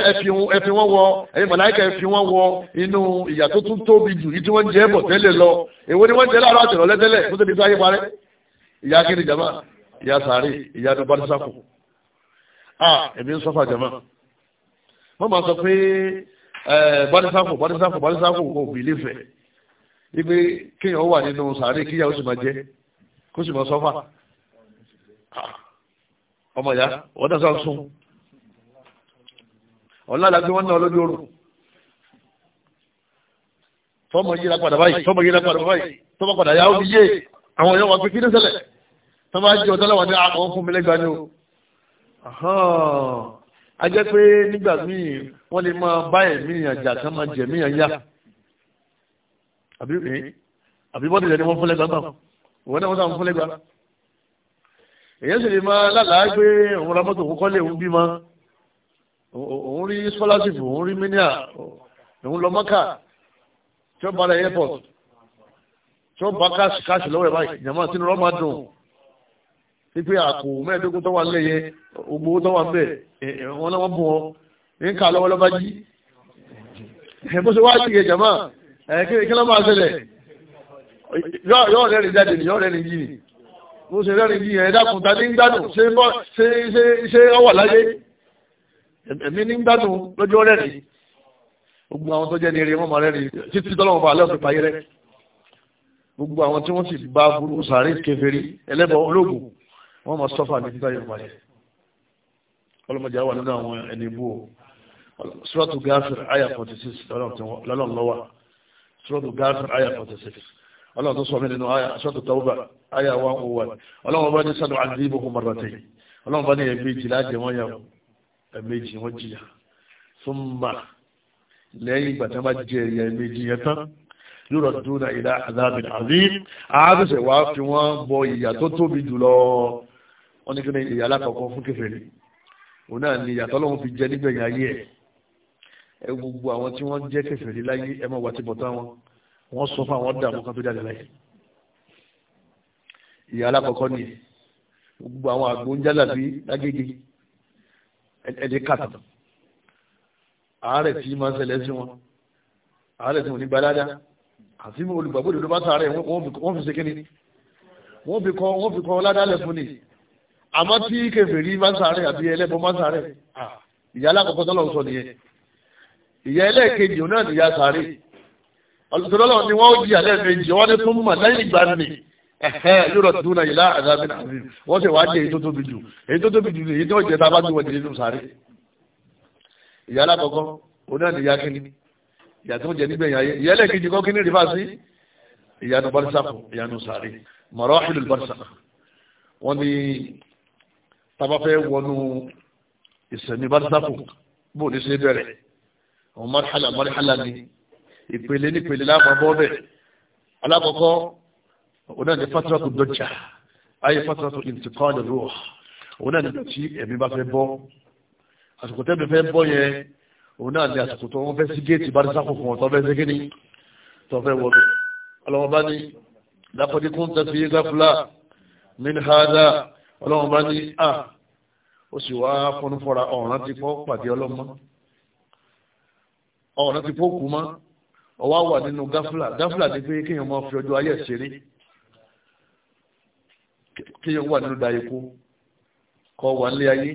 ẹfi wọ́n wọ ẹ̀yìn mọ̀láìkà ẹfi wọ́n wọ inú ìyà tó tún tóbi jù ní tí wọ́n jẹ́ bọ̀ tẹ́lẹ̀ lọ èwo ni wọ́n jẹ́ láàárọ̀ àtẹ̀rọ̀lẹ́ tẹ́lẹ̀ tó tẹ́lẹ̀ sáyé parẹ́ ìyá kiri jama ìyá sàárè ìyá tó ibi kéèyàn wà nínú sàárè kíyàwó sì máa jẹ kó sì máa sọ́fà ọmọ ìyá wọ́n dá sáà sún ọ̀làlà bí wọ́n ná lójú oorun tọ́mọ yíra padà báyìí tọ́mọ yíra padà báyìí tọ́mọ padà yá ó fi yé àwọn èèyàn wà pé kí ní ṣẹlẹ̀ tọ́mọ ajé ọ̀tọ́ láwọn ah, ní àwọn fún mi lẹ́gbàá ni o a jẹ́ pé nígbà míì wọ́n lè máa bá ẹ̀mí ìyànjà kan máa jẹ̀mí ìyànjá àbí rèé àbí bọ́dì rẹ̀ ni wọ́n fúnlẹ̀ gbàgbà wọ́n náà wọ́n sáà fúnlẹ̀ gbà. èyí sì lè máa lálàá gbé òun ra mọ́tò kọ́kọ́ lé òun bímọ òun rí scholarship òun rí mania òun lọ mọ́kà tí ó bá rẹ̀ airport tí ó bá káàsì káàsì lọ́wọ́ ẹ̀ báyìí ìyàmọ́ àti nírọ́ máa dùn wípé àpò mẹ́ẹ̀ẹ́dógún tó wà ń lẹ́yẹ ogbó tó wà ń bẹ̀ wọn náà wọ́n bù wọn ní ká lọ́wọ́lọ́bá jí ẹ̀ bó ṣe wá sí ìyẹn ẹ̀kí kí ló máa ṣẹlẹ̀ yóò rẹ̀ rìn jáde ni yóò rẹ̀ rìn yìí ni mo ṣe rẹ̀ rìn yìí ẹ̀ dákun ta ní gbádùn ṣé ṣé ṣé ṣé ọ wà láyé ẹ̀mí ní gbádùn lọ́jọ́ rẹ̀ rìn gbogbo àwọn tó jẹ́ ní eré wọn máa rẹ̀ rìn títí tọ́lọ́wọ́n bá alẹ́ òfin payé rẹ̀ gbogbo àwọn tí wọ́n sì bá burú sàárè kèfèrí ẹlẹ́bọ̀ ológun wọ́n máa sọ́fà ní títà yorùbá yẹn ọlọ́mọdé àwọn nínú àwọn ẹni bú o sọ́tù sọ́dọ̀ gáàsì àyà 46 ọlọ́run tó sọ mí nínú sọ́dọ̀ tọ́wọ́bà àyà 101 ọlọ́run bá ní sọ́dọ̀ àdìbò kò mọ̀rọ̀ tẹ̀ ọlọ́run bá ní ẹ̀mẹ́jì láàjẹ̀ wọ́n yà ẹ̀mẹ́jì wọ́n jìyà fún mà lẹ́yìn ìgbà tí wọ́n bá jẹ ẹ̀yà ẹ̀mẹ́jì yẹn tán yóò dùn náà ìlà àdáàbìn àzín àádọ́sẹ̀ wá fi wọ́n bọ ìyà ẹ gbogbo àwọn tí wọ́n jẹ́ kèfèrí láyé ẹ máa wà tí bọ̀tá wọn wọ́n sọ fún àwọn dààmú kan tó jáde láyé ìyá alákọ̀ọ́kọ́ ni gbogbo àwọn àgbo ń jálà bí lágége ẹni kàtà àárẹ̀ tí máa ń ṣẹlẹ̀ sí wọn àárẹ̀ tí wọn ní gbalada àti olùgbàgbọ́ ìdòdó bá sàárẹ̀ wọ́n fi ṣe kíni wọ́n fi kọ́ wọ́n fi kọ́ ládàálẹ̀ fún ni àmọ́ tí kèfèrí máa ń sàárẹ̀ àbí ẹlẹ́bọ máa ń sàárẹ̀ ìyá alákọ̀ọ́kọ́ tọ́lọ́ sọ nìyẹn ìyá ẹlẹ́ẹ̀kejì náà nìyá sáré ọ̀lùsọ̀rọ̀lọ̀ ni wọ́n jí àlẹ́ẹ̀kejì wọ́n ní tún mọ̀ lẹ́yìn ìgbà ni ẹ̀hẹ́ yóò dúnà ìlà àdábìn àmì wọ́n sì wáá jẹ́ èyí tó tóbi jù èyí tó tóbi jù ní èyí tó jẹ́ tá a bá gbé wọ́n jẹ́ nínú sáré ìyá alákọ̀ọ́kọ́ òun náà nìyá kíní ìyá tó jẹ nígbẹ̀yìn ayé ìyá ẹlẹ́ẹ̀kejì kọ́ kíní rìfà sí ìyanu barisakù ìyanu sáré mọ̀rọ́ ìlú barisakù wọ́n ní tabafẹ́ wọnú ìsẹ̀mí barisakù bóun ní ṣe bẹ̀rẹ̀ àwọn mọ́ríhálà mọ́ríhálà ni ìpele nípele láàmú bẹ́ẹ̀ alákọ̀ọ́kọ́ òun náà ní fásitì dọ́jà ayé fásitì ìtìkọ́ọ̀lù rò òun náà ní tí ẹ̀mí bá fẹ́ bọ́ àsìkò tẹ́mi fẹ́ bọ́ yẹn òun náà ní àsìkò tó wọ́n fẹ́ sí géètì bá ní sáfò fún ọ̀tọ́ fẹ́ sí kíní tó fẹ́ wọ́n ọlọ́wọ́n bá ní lápọ́dé kún tẹ́sí gáfúlà min hada ọlọ́wọ́n bá ní à ah, ó sì wá fọ́nfọ́ra ọ̀ràn ti fọ́ pàdé ọlọ́mọ ọ̀nà ti fókù mọ́ ọwá wà nínú gáfúlà gáfúlà ní pé kíyàn mọ́ fi ọjọ́ ayé ṣeré kíyàn wà nínú dayeko kọ wà nílé ayé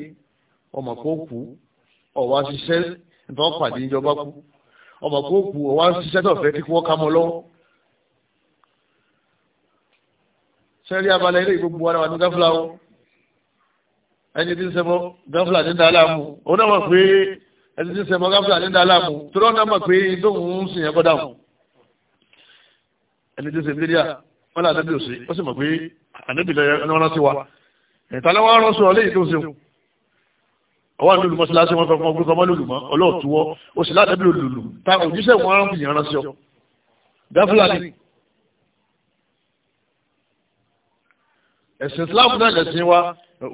ọmọ kó kú ọwá ṣiṣẹ́ ìtàn pàdé ìjọba kú ọmọ kó kú ọwá ṣiṣẹ́ tó fẹ́ kíkọ́ ká mọ́ lọ́wọ́ sẹ́rí abalẹ̀ ilé ìgbogbo ara wà ní gáfúlà o ẹni tí ń sẹ́bọ̀ gáfúlà ní dáadáa mú ọ ẹni tí ń sẹ́mọ́ gáfíà ní dáláàmù tó rọ́nà mọ̀ pé tóun ń sìn yẹn kọ́ dáhùn ẹni tí ń sẹ́mọ́ dídíà wọ́n lé ànábì òsì ó sì mọ̀ pé ànábì lọ́yẹ ọlọ́run sí wa ìtàlẹ́ wọn rán sọ ọlẹ́yìn tó ń sẹ́wọ̀n ọwọ́ àti olùmọ̀ síláṣẹ́ wọn fọwọ́ gbé kọ́mọ́ lòlùmọ́ ọlọ́ọ̀túwọ́ ó sì láàbí olùlù ni ẹ̀sìn Islam náà lẹ̀sìn wa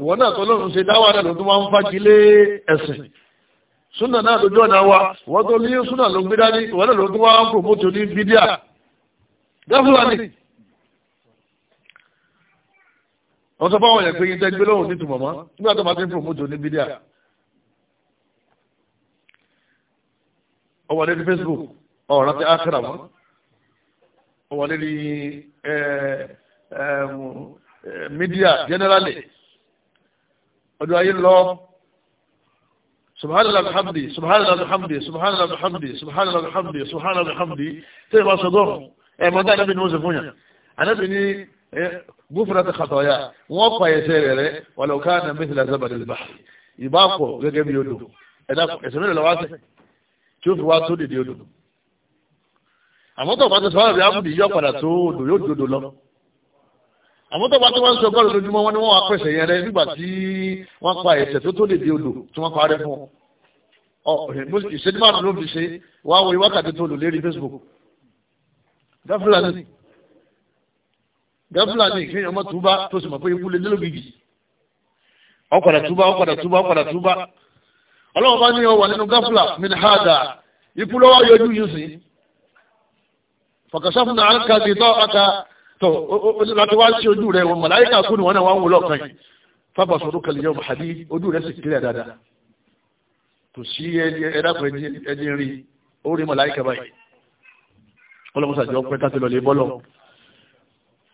wọn náà tọ́lọ́run ṣe dáwà náà súnà náà lójú ọ̀nà wa wọ́n tó ní súnà ló ń gbé dání ìwọ́n náà ló tún wá ń promote ní bídíà gẹ́fúlánì wọ́n sọ fáwọn èèyàn pé yín tẹ́gbé lóhùn ní tùmọ̀mọ́ nígbà tó máa ti ń promote ní bídíà ọwọ́ lórí Facebook ọ̀rọ̀ ti ákàrà mọ́ ọwọ́ lórí mídíà generally ọdún ayé lọ subhanallah alhamdi subhanallah alhamdi subhanallah alhamdi subhanallah alhamdi subhanallah alhamdi tẹ́ ìwà sọ́dọ̀ ẹ̀mọ́ dáadáa bí ni wọ́n ṣe fún yàn anábì ní gúfúra ti kàtọ̀ ya wọ́n pa ẹsẹ̀ rẹ̀ rẹ̀ wà lọ́ka na mẹ́tìlá sábàdì lè bá ìbá pọ̀ gẹ́gẹ́ bí odò ẹ̀sẹ̀ mẹ́rin lọ́wọ́ sẹ̀ tí ó fi wá tó dìde odò àmọ́tọ̀ pàtó sọ́wọ́ bí àwọn tó bá tó wọ́n ń sọgọ́rùn lójúmọ́ wọn ni wọ́n wá pẹ̀sẹ̀ yẹn rẹ nígbà tí wọ́n pa ẹ̀sẹ̀ tó tó lè di odò tí wọ́n parẹ́ fún ìṣẹ́jú márùn ló fi ṣe wá wo wákàtí tó lò lérí Facebook gáfúlàní gáfúlàní kéèyàn ọmọ túbá tó sì mọ̀ pé ikú lè lélógìgì ọ̀padà túbá ọ̀padà túbá ọ̀padà túbá ọlọ́wọ́ bá ní ọ wà nínú gáfúlà minhada ikú lọ́wọ́ yọjú yìí sí fọ̀kàṣáfúnà àkàtì tọ́ àkà tó láti wá sí ojú rẹ wọn màláíkà kú ni wọn náà wá ń wò lọ́kàn yìí fábà sọ̀rọ̀ kàlẹ́ yọ màdí ojú rẹ sì kílẹ̀ dáadáa kò sí ẹ̀dàpọ̀ ẹni rí ó rí màláíkà báyìí ọlọ́mọsàjọ pẹ́ káti lọ lè bọ́lọ̀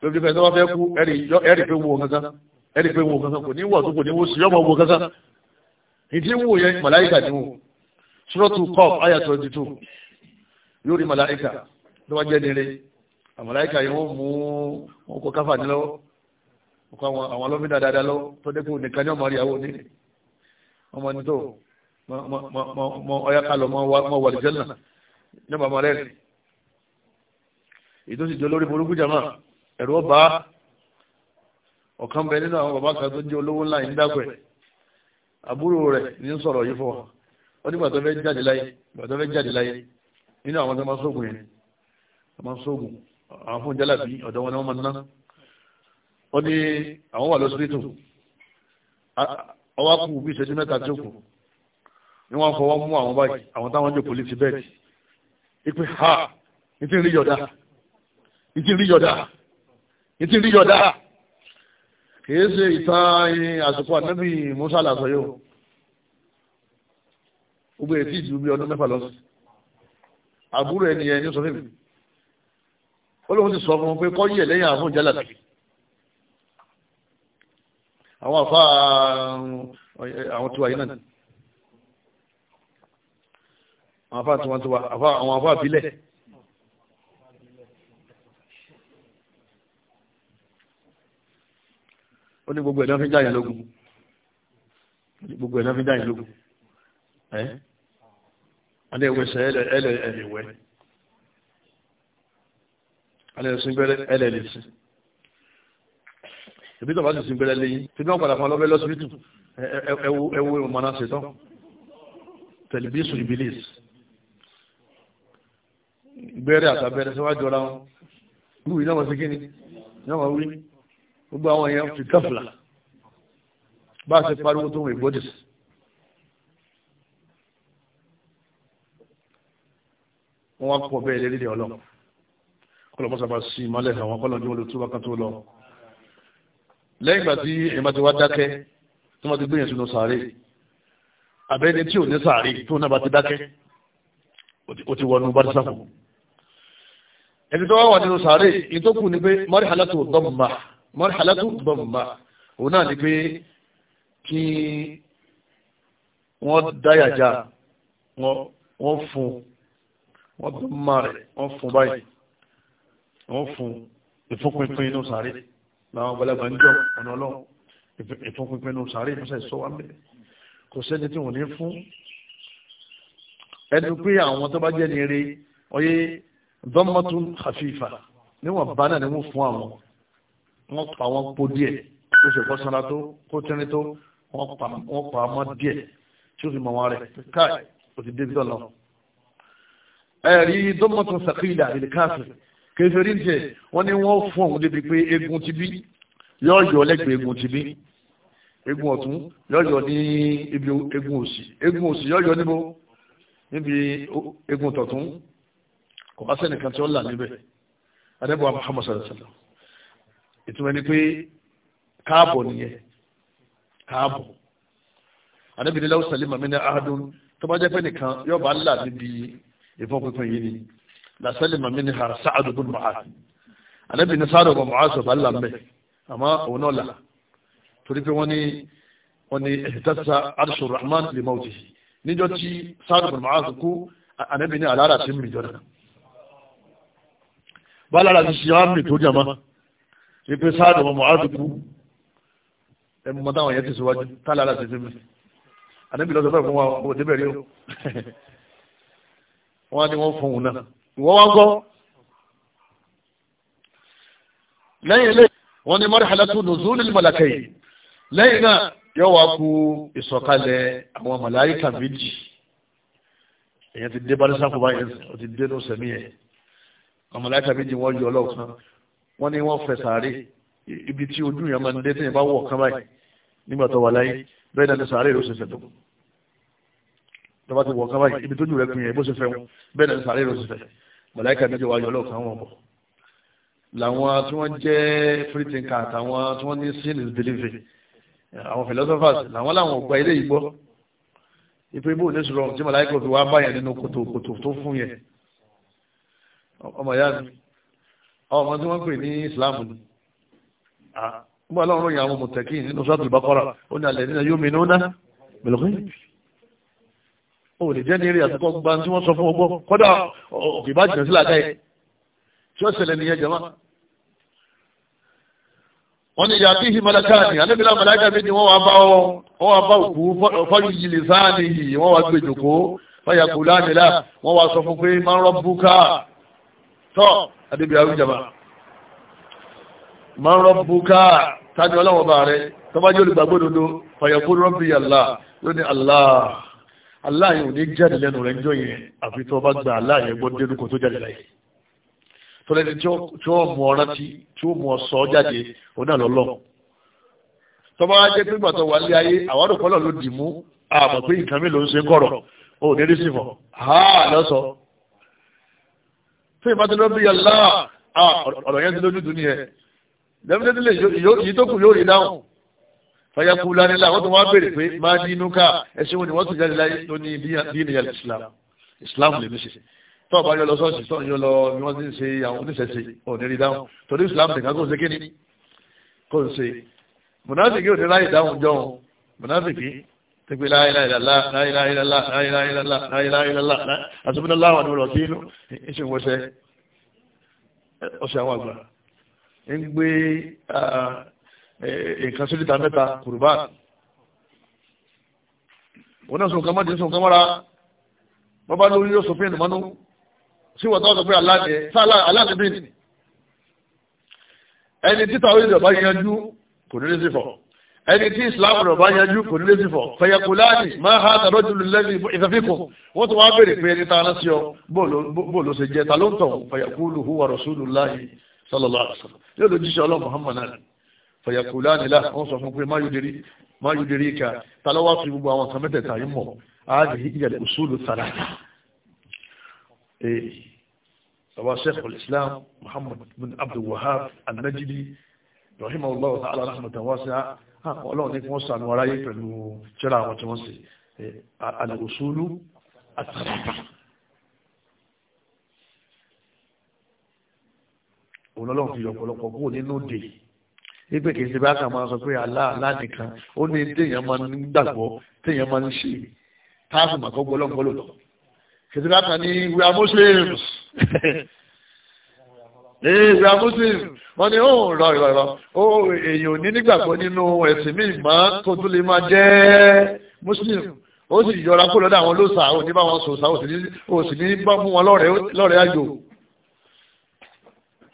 lórí pẹ́ tó bá fẹ́ kú ẹ̀rì pé wo kankan ẹ̀rì pé wo kankan kò ní wọ̀ tó kò ní wo sí ọmọ wo kankan ìdí wo yẹn màláíkà ni wo sọ́tù kọ́ọ̀pù àyà twenty yóò rí màláíkà lọ́wọ́ jẹ́ nire àmàláìkà yìí wọ́n mú wọn kó káfà ní lọ́wọ́ kó àwọn ọlọ́mìnà dáadáa lọ́wọ́ tó dé kó nìkan ní ọmọ ìyàwó ní ọmọ ní tó mọ ọyá kalọ̀ mọ wàlìjẹ́ náà ní ọmọ rẹ̀ ètò sì jẹ́ olórí burúkú jama ẹ̀rọ bá ọ̀kan bẹ nínú àwọn bàbá kan tó jẹ́ olówó ńlá yìí ń dápẹ́ àbúrò rẹ̀ ní sọ̀rọ̀ yìí fọ́ ọ nígbà tó fẹ́ jáde láyé nínú àwọn tó máa sóògùn yẹn máa sóògùn àwọn fún jálàbí ọ̀dọ̀ wọn ni wọ́n máa ná ó ní àwọn wà lọ́sítítù ọwọ́ kù bí ìṣẹ́jú mẹ́ta tí ó kù ni wọ́n fọwọ́ mú àwọn báyìí àwọn táwọn jòkó lè ti bẹ́ẹ̀ ipe ha ìtì rí yọ̀dá ìtì rí yọ̀dá ìtì rí yọ̀dá kìí ṣe ìtàn àsìkò ànábì Musa làṣọ yóò ọdún mẹ́fà lọ sí àbúrò ẹni ẹni sọ fún mi olóhùn sì sọ fún un pé kọ́ yẹ̀ lẹ́yìn àfún jálà tàbí àwọn àfa àwọn tiwa yìí náà àwọn àfa tiwantiwa àwọn àfa àbílẹ̀ ó ní gbogbo ẹ̀dá fi ń jáyàn lógún gbogbo ẹ̀dá fi ń lógún ẹ́ adé ìwẹ̀sẹ̀ ẹlẹ́ẹ̀lẹ́wẹ̀ẹ́ alẹ́sìn bẹ́rẹ́ ẹlẹ́lẹ́sì ìbí tọ́ba sì sin bẹ́rẹ́ lẹ́yìn tí wọ́n padà fún ọlọ́bẹ̀ lọ́sibítù ẹwú ẹwú ìmọ̀nà ṣetán tẹlifíṣù ìbílíṣ bẹ́rẹ́ àtàbẹ́rẹ́ síwájú ọ̀la wọn wíwì náà wọ́n sí kíni náà wọ́n wí gbogbo àwọn èèyàn fi káfìlà bá a ṣe pariwo tó wọn ìgbọ́dì sí. wọ́n wá pọ̀ bẹ́ẹ̀ lérí ọlọ́run kọlọmọ sábà sí ìmọ̀lẹ̀ àwọn kọlọmọ jẹ́ olùtúbà kan tó lọ. lẹ́yìn ìgbà tí èèyàn bá ti wá dákẹ́ tí wọ́n ti gbé yẹn sínú sàárè àbẹ́ni tí ò ní sàárè tó náà bá ti dákẹ́ ó ti wọnú bá dísàkù. ẹni tó wá wà nínú sàárè ìtókù ni pé marhalatu damma marhalatu damma òun náà ni pé kí wọ́n dáyàjá wọ́n fún wọ́n bá rẹ̀ wọ́n fún báyìí wọ́n fún ìfúnpinpin inú sàárè láwọn ọgbẹ́lẹ́gbẹ́ ń jọ ọ̀nà ọlọ́run ìfúnpinpin inú sàárè ìfúnṣẹ́ ìsọ wa mẹ́rin kò sẹ́ni tí wọ́n ní fún ẹnu pé àwọn tó bá jẹ́ ní eré ọyẹ dọ́mọ́tún hafifa níwọ̀n bá náà ni wọ́n fún àwọn wọ́n pa wọ́n po díẹ̀ ó sì kọ́ sanra tó kó tẹ́rin tó wọ́n pa mọ́ díẹ̀ tí ó fi mọ̀ wọn rẹ̀ káì ó ti débi lọ́nà ẹ̀rí dọ́mọ́tún sàkílà ìlẹ̀káàfẹ́ kèfèrí tiẹ̀ wọ́n ní wọ́n fún òun débi pé egun ti bí yóò yọ lẹ́gbẹ̀ẹ́ egun ti bí egun ọ̀tún yóò yọ ní ibi egun òsì egun òsì yóò yọ níbo níbi egun tọ̀tún kò bá sẹ́nìkan tí ó là níbẹ̀ adébọ̀ Muhammad sallallahu alaihi wasallam ìtumọ̀ ni pé káàbọ̀ nìyẹn káàbọ̀ adébìnrin lọ́wọ́ sàlẹ̀ màmí ní ahadun tó bá jẹ́ pé nìkan yóò bá là níbi ìfọ́npinpin yìí ni lasalima mini ha sa'adu bin mu'az anabi ni sa'adu bin mu'az ọba ńlá mbẹ àmọ́ òun náà là torí pé wọ́n ní wọ́n ní ẹ̀hìtàṣà arṣu rahman lè máa jì níjọ́ tí sa'adu bin mu'az kú anabi ni alára ti ń mi jọ́nà bálára ti ṣe á mi tó jàmá ní pé sa'adu bin mu'az kú ẹmu mọ́tà àwọn yẹn ti sọ́wájú tálára ti fi mi anabi lọ́sọ̀fẹ́ fún wa òdebẹ̀rẹ̀ o wọ́n á ní wọ́n fún un náà ìwọ́ wá gọ́ lẹ́yìn ilé wọn ni marhalatu nuzulil malakayn lẹ́yìn náà yóò wá kú ìsọ̀kalẹ̀ àwọn màláíkà méjì èyàn ti dé balẹ̀ sáfù báyìí ó ti dé lóṣẹ̀ ẹ̀ àwọn màláíkà méjì wọ́n yọ ọlọ́ọ̀kan wọ́n ní wọ́n fẹ̀ sàárè ibi tí ojú yẹn máa ń dé tẹ́yìn bá wọ̀ kán báyìí nígbà tó wà láyé bẹ́ẹ̀ náà ni sàárè ló ṣe fẹ̀ tó tọ́ba ti wọ̀ kán báyìí ibi tójú rẹ̀ kùn yẹn bó ṣe fẹ́ wọn bẹ́ẹ̀ náà ni sàárè ló ṣe fẹ́ màláìka méjì wáyọ ọlọ́ọ̀kan wọn bọ̀ làwọn tí wọ́n jẹ́ free thinker àtàwọn tí wọ́n ní sin is believing àwọn philosophers làwọn làwọn ò gba ilé yìí gbọ́ ipe ibò ní sùrọ̀ tí màláìka òfin wá báyẹn nínú kòtò kòtò tó fún yẹn ọmọ ìyá mi ọmọ tí wọ́n pè ní Islam ni nígbà ah, láwọn ròyìn àwọn mọ̀tẹ́kì nínú sọ́ọ̀tù Baqara ó ní alẹ́ nínú yóò mìíràn náà mẹ́lọ́kọ́ yìí o lè jẹ́ ní eré àtúkọ́ gba tí wọ́n sọ fún ọgbọ́ kọ́dà òkè bá jìnà sí làdá ẹ̀ tí ó ṣẹlẹ̀ nìyẹn jẹ́mọ́ wọ́n ní yàtí himalaka ni alẹ́bílá malaka mi ni wọ́n wá bá wọ́n wá bá òkú fọ́jú yìí sáàni yìí wọ́n wá gbé jòkó fọ́yà kù láàmìlá wọ́n wá sọ fún pé máa ń rọ́ búkà tọ́ adébí arú jama máa ń rọ́ búkà tani ọlọ́wọ́ bá rẹ tọ́bájú olùgbàgbọ́dodo fọ́yà kù rọ́bì Allah lónìí Allah aláàyè ò ní jáde lẹ́nu rẹ̀ jọ yẹn àfi tó bá gba aláàyè gbọ́ dénú kò tó jáde láyé tọ́lẹ́ni tí ó mú ọ rántí tí ó mú ọ sọ jáde ó náà lọ́lọ́ tọ́ba wa jẹ́ pípa tó wà ní ayé àwárò kọ́lọ̀ ló dì mú àmọ̀ pé nǹkan mi ló ń ṣe kọ̀rọ̀ ó ní rí sìnfọ̀ ha lọ́sọ fún ìbátan ló bí yàrá ọ̀rọ̀ yẹn ti lójú dùn fayakú lánilá wọ́n tún wá bèèrè pé máa ní inú ká ẹ̀sìn wọn ni wọ́n tún jáde láyé tó ní dínì yàrá islam islam lè méṣe tó ọba yọ lọ sọ́ọ̀sì tó yọ lọ ni wọ́n ti ń ṣe àwọn oníṣẹ̀ṣe òníri dáhùn torí islam nìkan kò ń ṣe kí ni kò ń ṣe mùnáfìkì ò ní láyé dáhùn jọ̀hún mùnáfìkì ti pé láyéláyélálá láyéláyélálá láyéláyélálá láyéláyélálá àtúndínlá wà ní ọ̀rọ̀ tí inú ìṣìn wọ́sẹ̀ ọ̀sẹ̀ àwọn àgbà ń gbé Eh, nǹkan sí lítà mẹ́ta kùrùbá wọn náà sùn kàmáàdì sùn kàmáàrà wọn bá lórí yóò sọfín ìmọ̀nú sí wọ́n tọ́wọ́ sọ pé aláàdẹ sáà aláàdẹ bí ẹni títà orí ìjọba yanjú kò ní lè sí fọ ẹni tí islam rẹ̀ bá yanjú kò ní lè sí fọ fẹ̀yàkùláàdì máa ha tàbí jùlọ lẹ́nu ìfẹ́fíkù wọ́n tún wá bèrè pé ẹni tá a lọ́sí ọ bóòlù ṣe jẹ́ ta ló ń tọ̀ fẹ̀yàkùlù huwa rasulullahi sallallahu alaihi wasallam yóò lójúṣe ọlọ́ muhammad fàyàkùlá nílá wọ́n sọ fún pé má yóò dérí ìka tàlọ́wà fi gbogbo àwọn kan mẹ́tẹ̀ẹ̀ta yìí mọ̀ ààrẹ ìyàlẹ̀ òṣùlù sàlàyà bàbá sheikh al-islam muhammad bin abdul wahab al-najdi rahimahullah ta'ala rahmatan wasi'a ọlọ́run ní kí wọ́n sànú aráyé pẹ̀lú jẹ́ra àwọn tí wọ́n sì àlẹ̀ òṣùlù àtàlàyà òun lọ́lọ́run fi ọ̀pọ̀lọpọ̀ kúrò nínú dèyí ipe kìí ṣe bá kà máa sọ pé Allah Allah nìkan ó ní téèyàn máa ń gbàgbọ́ téèyàn máa ń ṣe táàbù màkọ́ gbọ́lọ́gbọ́lọ́ lọ. kìí ṣe bá kà ní we are Muslims *laughs* ee we are Muslims wọ́n ní ó oh, rọ ìrọ̀rọ̀ ó èèyàn ò ní nígbàgbọ́ nínú ẹ̀sìn míì mọ́ kó tó lè máa jẹ́ Muslim ó sì yọra kó lọ́dọ̀ àwọn lóṣà ò ní bá wọn sòṣà ò sì ní bá fún wọn lọ́rẹ̀ẹ́ àjò.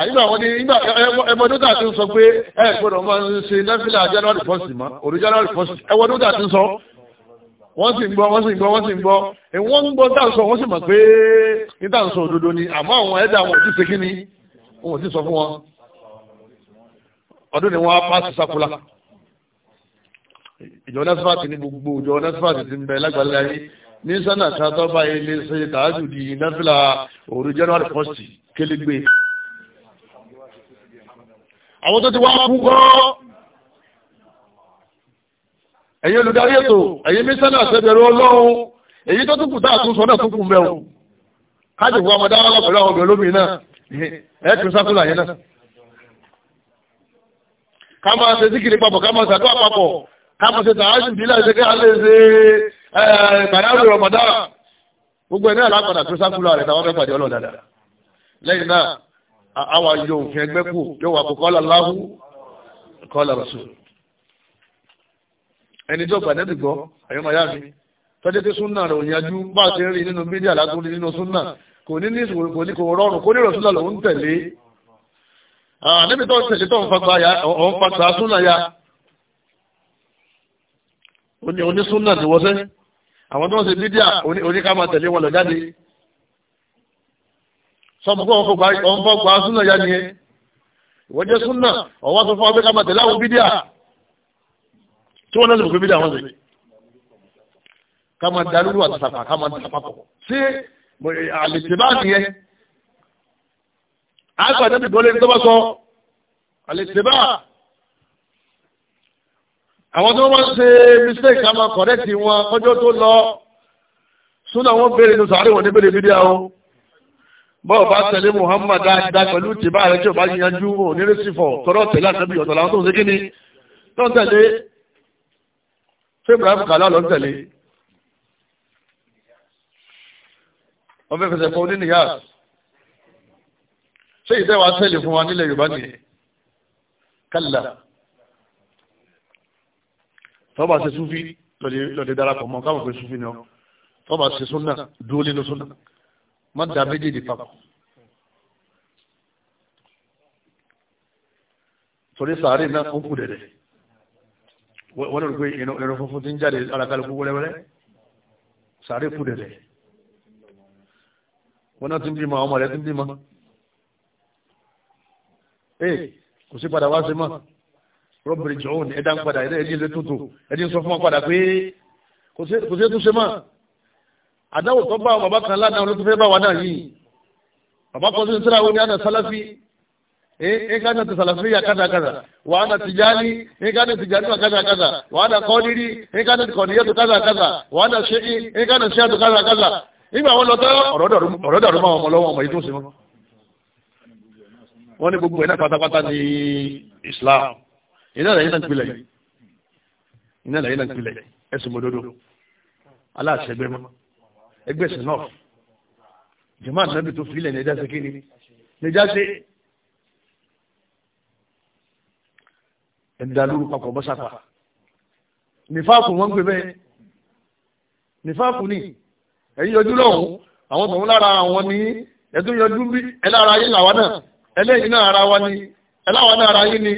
àyíbá wọn ni nígbà ẹmọ dókítà tó ń sọ pé ẹ gbọ́dọ̀ máa ń ṣe nẹfìlà january first mọ òru january first ẹwọ dókítà tó ń sọ wọ́n sì ń gbọ́ wọ́n sì ń gbọ́ wọ́n sì ń gbọ́ wọ́n ń gbọ́ dáǹsọ wọ́n sì mọ̀ pé ní dáǹsọ òdodo ni àmọ́ àwọn ẹ̀dá wọn ò ti ṣe kí ni wọn ò ti sọ fún wọn ọdún ni wọ́n á pàṣẹ sákúlá ìjọ nẹ́sífàtì ní gbogbo ìjọ nẹ́sífàtì ti ń bẹ lágbàlẹ́ ayé ní sánà kan tó bá ilé ṣe tààjù di òru january first kélégbé àwọn tó ti wá wá púpọ̀ ẹ̀yin olùdarí ètò ẹ̀yin mísánà àṣẹbẹ̀rù ọlọ́run èyí tó tún kù sọ náà tún kù ń bẹ̀rù káàdì fún ọmọdé wọn pẹ̀lú àwọn obìnrin lómi náà ẹ̀ tún sákúlà yẹn náà ká máa ṣe síkìrì papọ̀ ká máa ṣàdúrà papọ̀ ká máa ṣe tààjù bí láti ṣe ká lè ṣe ọmọdé àwa yọ òfin ẹgbẹ́ kù yóò wà kó kọ́lá láhù kọ́lá rasu ẹni tó gbàdẹ́ ti gbọ́ àyọ́mọ̀ yá mi tọ́jú tí súnà rẹ̀ òyìnbó bá a ti rí nínú bídíà látúndì nínú súnà kò ní ní ìṣòro kò ní kò rọrùn kó ní rọ̀súlà lòún tẹ̀lé níbi tó ń tẹ̀lé tó ń fagbà súnà ya oní súnà ti wọ́sẹ́ àwọn tó ń ṣe bídíà oníkàmà tẹ̀lé wọn lọ jáde sọmọ kó wọn fọ gba súnà ya nìyẹn ìwọ́n jẹ́ súnà ọ̀wọ́ sọ fún ọgbẹ́ ká máa tẹ̀lé àwọn bídíà tí wọ́n náà lè fi bídíà wọn lè ká máa da lúlù àti sàpà ká máa da papọ̀ sí àlètè bá nìyẹn àgbà tẹ́tù tó lé tó bá sọ àlètè bá àwọn tó wọ́n ṣe mistake ká máa correct wọn ọjọ́ tó lọ súnà wọn béèrè ní sàárè wọn ní bídíà wọn bọ́ọ̀ bá tẹ̀lé Muhammad dáadáa pẹ̀lú tìbá rẹ̀ tí ò bá yanjú ò ní rí sífọ̀ tọ́rọ̀ tẹ̀lé àtẹ́bí ọ̀tọ̀ làwọn tó ń ṣe kíni tó ń tẹ̀lé ṣé Ibrahim kàlá ló ń tẹ̀lé wọ́n fẹ́ fẹsẹ̀ fún oníníyà ṣé ìtẹ́wàá tẹ̀lé fún wa nílẹ̀ Yorùbá nìyẹn kálá tọ́ba ṣe súfí lọ́dẹ darapọ̀ mọ́ káwọn pé súfí ni ọ tọ́ba ṣe súnà dúró nínú súnà má da méjèèjì papọ̀ torí sàárè náà ó kù dẹ̀dẹ̀ wọ́n lè gbé ẹ̀rọ funfun tí ń jáde alákàlùkù wẹ́rẹ́wẹ́rẹ́ sàárè kù dẹ̀dẹ̀ wọ́n náà ti ń bímọ àwọn ọmọ rẹ̀ ti ń bímọ ee kò sí padà wá sí mọ́ rọ́bìrì jọ̀ọ́n ẹ̀dá ń padà ẹ̀dá ẹ̀dí ń sọ fún wọn padà pé kò sí ètò ṣe mọ́ àdáwò tó bá bàbá kan ládàá ló tún fẹ́ bá wa náà yìí bàbá kan sínú síra wọn ni àná sálàfí in kana ta salafiyya kaza kaza wa ana tijani in kana tijani kaza kaza wa ana qadiri in kana qadiriyatu kaza kaza wa ana shi'i in kana shi'atu kaza kaza ìgbà wọn lọ tán ọ̀rọ̀ dàrú ọ̀rọ̀ dàrú máa ọmọ lọ́wọ́ ọmọ yìí tó ń ṣe wọn. wọ́n ní gbogbo ẹ̀ náà pátápátá ẹgbẹ́ sinọ́f jẹ́mọ́ ànábì tó fi ilẹ̀ ní ẹjá ṣe kiri ní ẹjá ṣe ẹ̀dá lóru papọ̀ bọ́sàpà nífàkù wọ́n ń pè bẹ́ẹ̀ nífàkù ni ẹ̀yin yọjú lọ́hùn àwọn tòun lára àwọn ní ẹ̀dún yọjú bí ẹlára ayé làwa náà ẹlẹ́yìn náà ara wa ni ẹláwa náà ara yín ni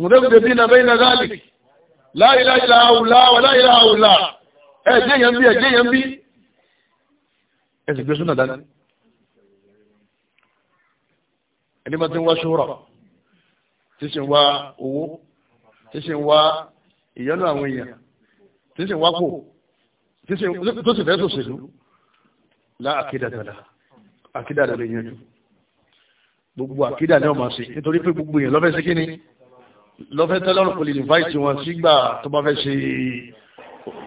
mùdẹ́kùdẹ́bí nàbẹ́yìn náà láàyè láàyè láàwùlá wà láàyè láàwùlá ẹ̀jẹ̀ yẹn bí ẹ̀jẹ̀ yẹn bí ẹ̀sìn gbé súnà dání ẹni bá ti ń wá ṣòro tí sì ń wá owó tí sì ń wá ìyọ́nú àwọn èèyàn tí sì ń wá kò tó sì fẹ́ sòṣèlú lá àkídàdàdà àkídàdà lè yanjú gbogbo àkídà náà máa ṣe nítorí pé gbogbo èèyàn lọ́fẹ́ sí kíni lọ́fẹ́ tẹ́lọ́rùn kò lè invite wọn sígbà tó bá fẹ́ ṣe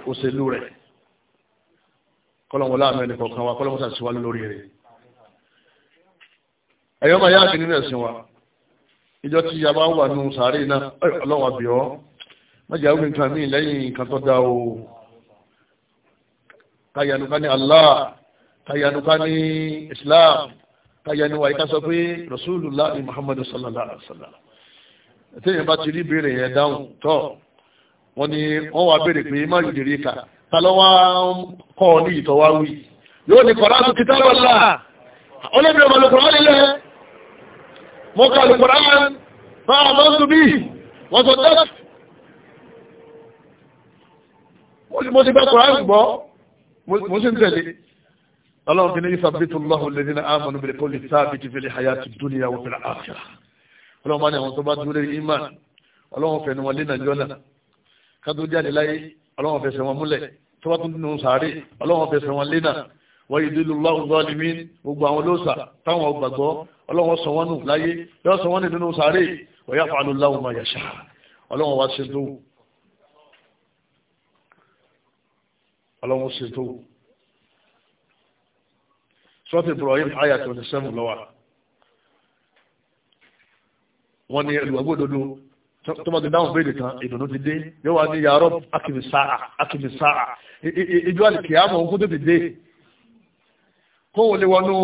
òṣèlú rẹ̀ kọ́lọ́mù láàmú ẹnì kọ̀ọ̀kan wa kọ́lọ́mù sàṣìwá lórí rẹ̀ ẹ̀yọ́ máa yáàkì nínú ẹ̀sìn wa ìjọ tí a bá wà nù sàárè náà ọlọ́wà bì ọ́ mọ́jà ó nǹkan mí lẹ́yìn nǹkan tó da o káyanuká ní Allah káyanuká ní Islam káyanuwa ìka sọ pé Rasulullah Muhammadu sallallahu alaihi wa sallam tẹ́yìn bá ti rí ìbéèrè yẹn dáhùn tọ́ wọ́n ní wọ́n wá béèrè pé má yìí dèrè kà ta ló wá kọ́ ọ ní ìtọ́wá wí yóò ní kọ́ra tó kìtà wọ́n là ọlọ́bìnrin ọmọ lùkùrọ̀ wọ́n nílẹ̀ mọ́ ká lùkùrọ̀ wọn bá a lọ́ sùn bí wọ́n sọ dẹ́k mo ti bẹ́ kùrọ̀ àgbọ̀ mo sì ń tẹ̀lé ọlọ́run ti ní ìsàbítù lọ́hùn lè ní àmọ́nù bèrè kó lè sáàbìtì fẹ́lẹ̀ àyà ti dúnìyà ní ọlọ́run fẹ́ ni lé nàìjọ́ náà kátó jáde láyé ọlọ́wọ́n fẹsẹ̀ wọn múlẹ̀ tó bá tún nínú sàárè ọlọ́wọ́n fẹsẹ̀ wọn léna wọ́n yìí dúró lọ́wọ́ zọ́ọ̀lìmí gbogbo àwọn olóòsà táwọn ọgbàgbọ́ ọlọ́wọ́n sọ wọn nù láyé yọ sọ wọn nínú sàárè wa yaf'alu Allahu ma yasha ọlọ́wọ́n wá ṣe ọlọ́wọ́n ṣe sọ́ọ̀tì Ibrahim ayà 27 lọ́wọ́ wọn ni ẹlùwàgbọ́dodo tó máa ti dáhùn béèrè kan ìdùnnú ti dé yóò wá ní yàrá akìmìsáà akìmìsáà ìjọ àlìkè àmọ́ ogun tó ti dé kó wọlé wọnú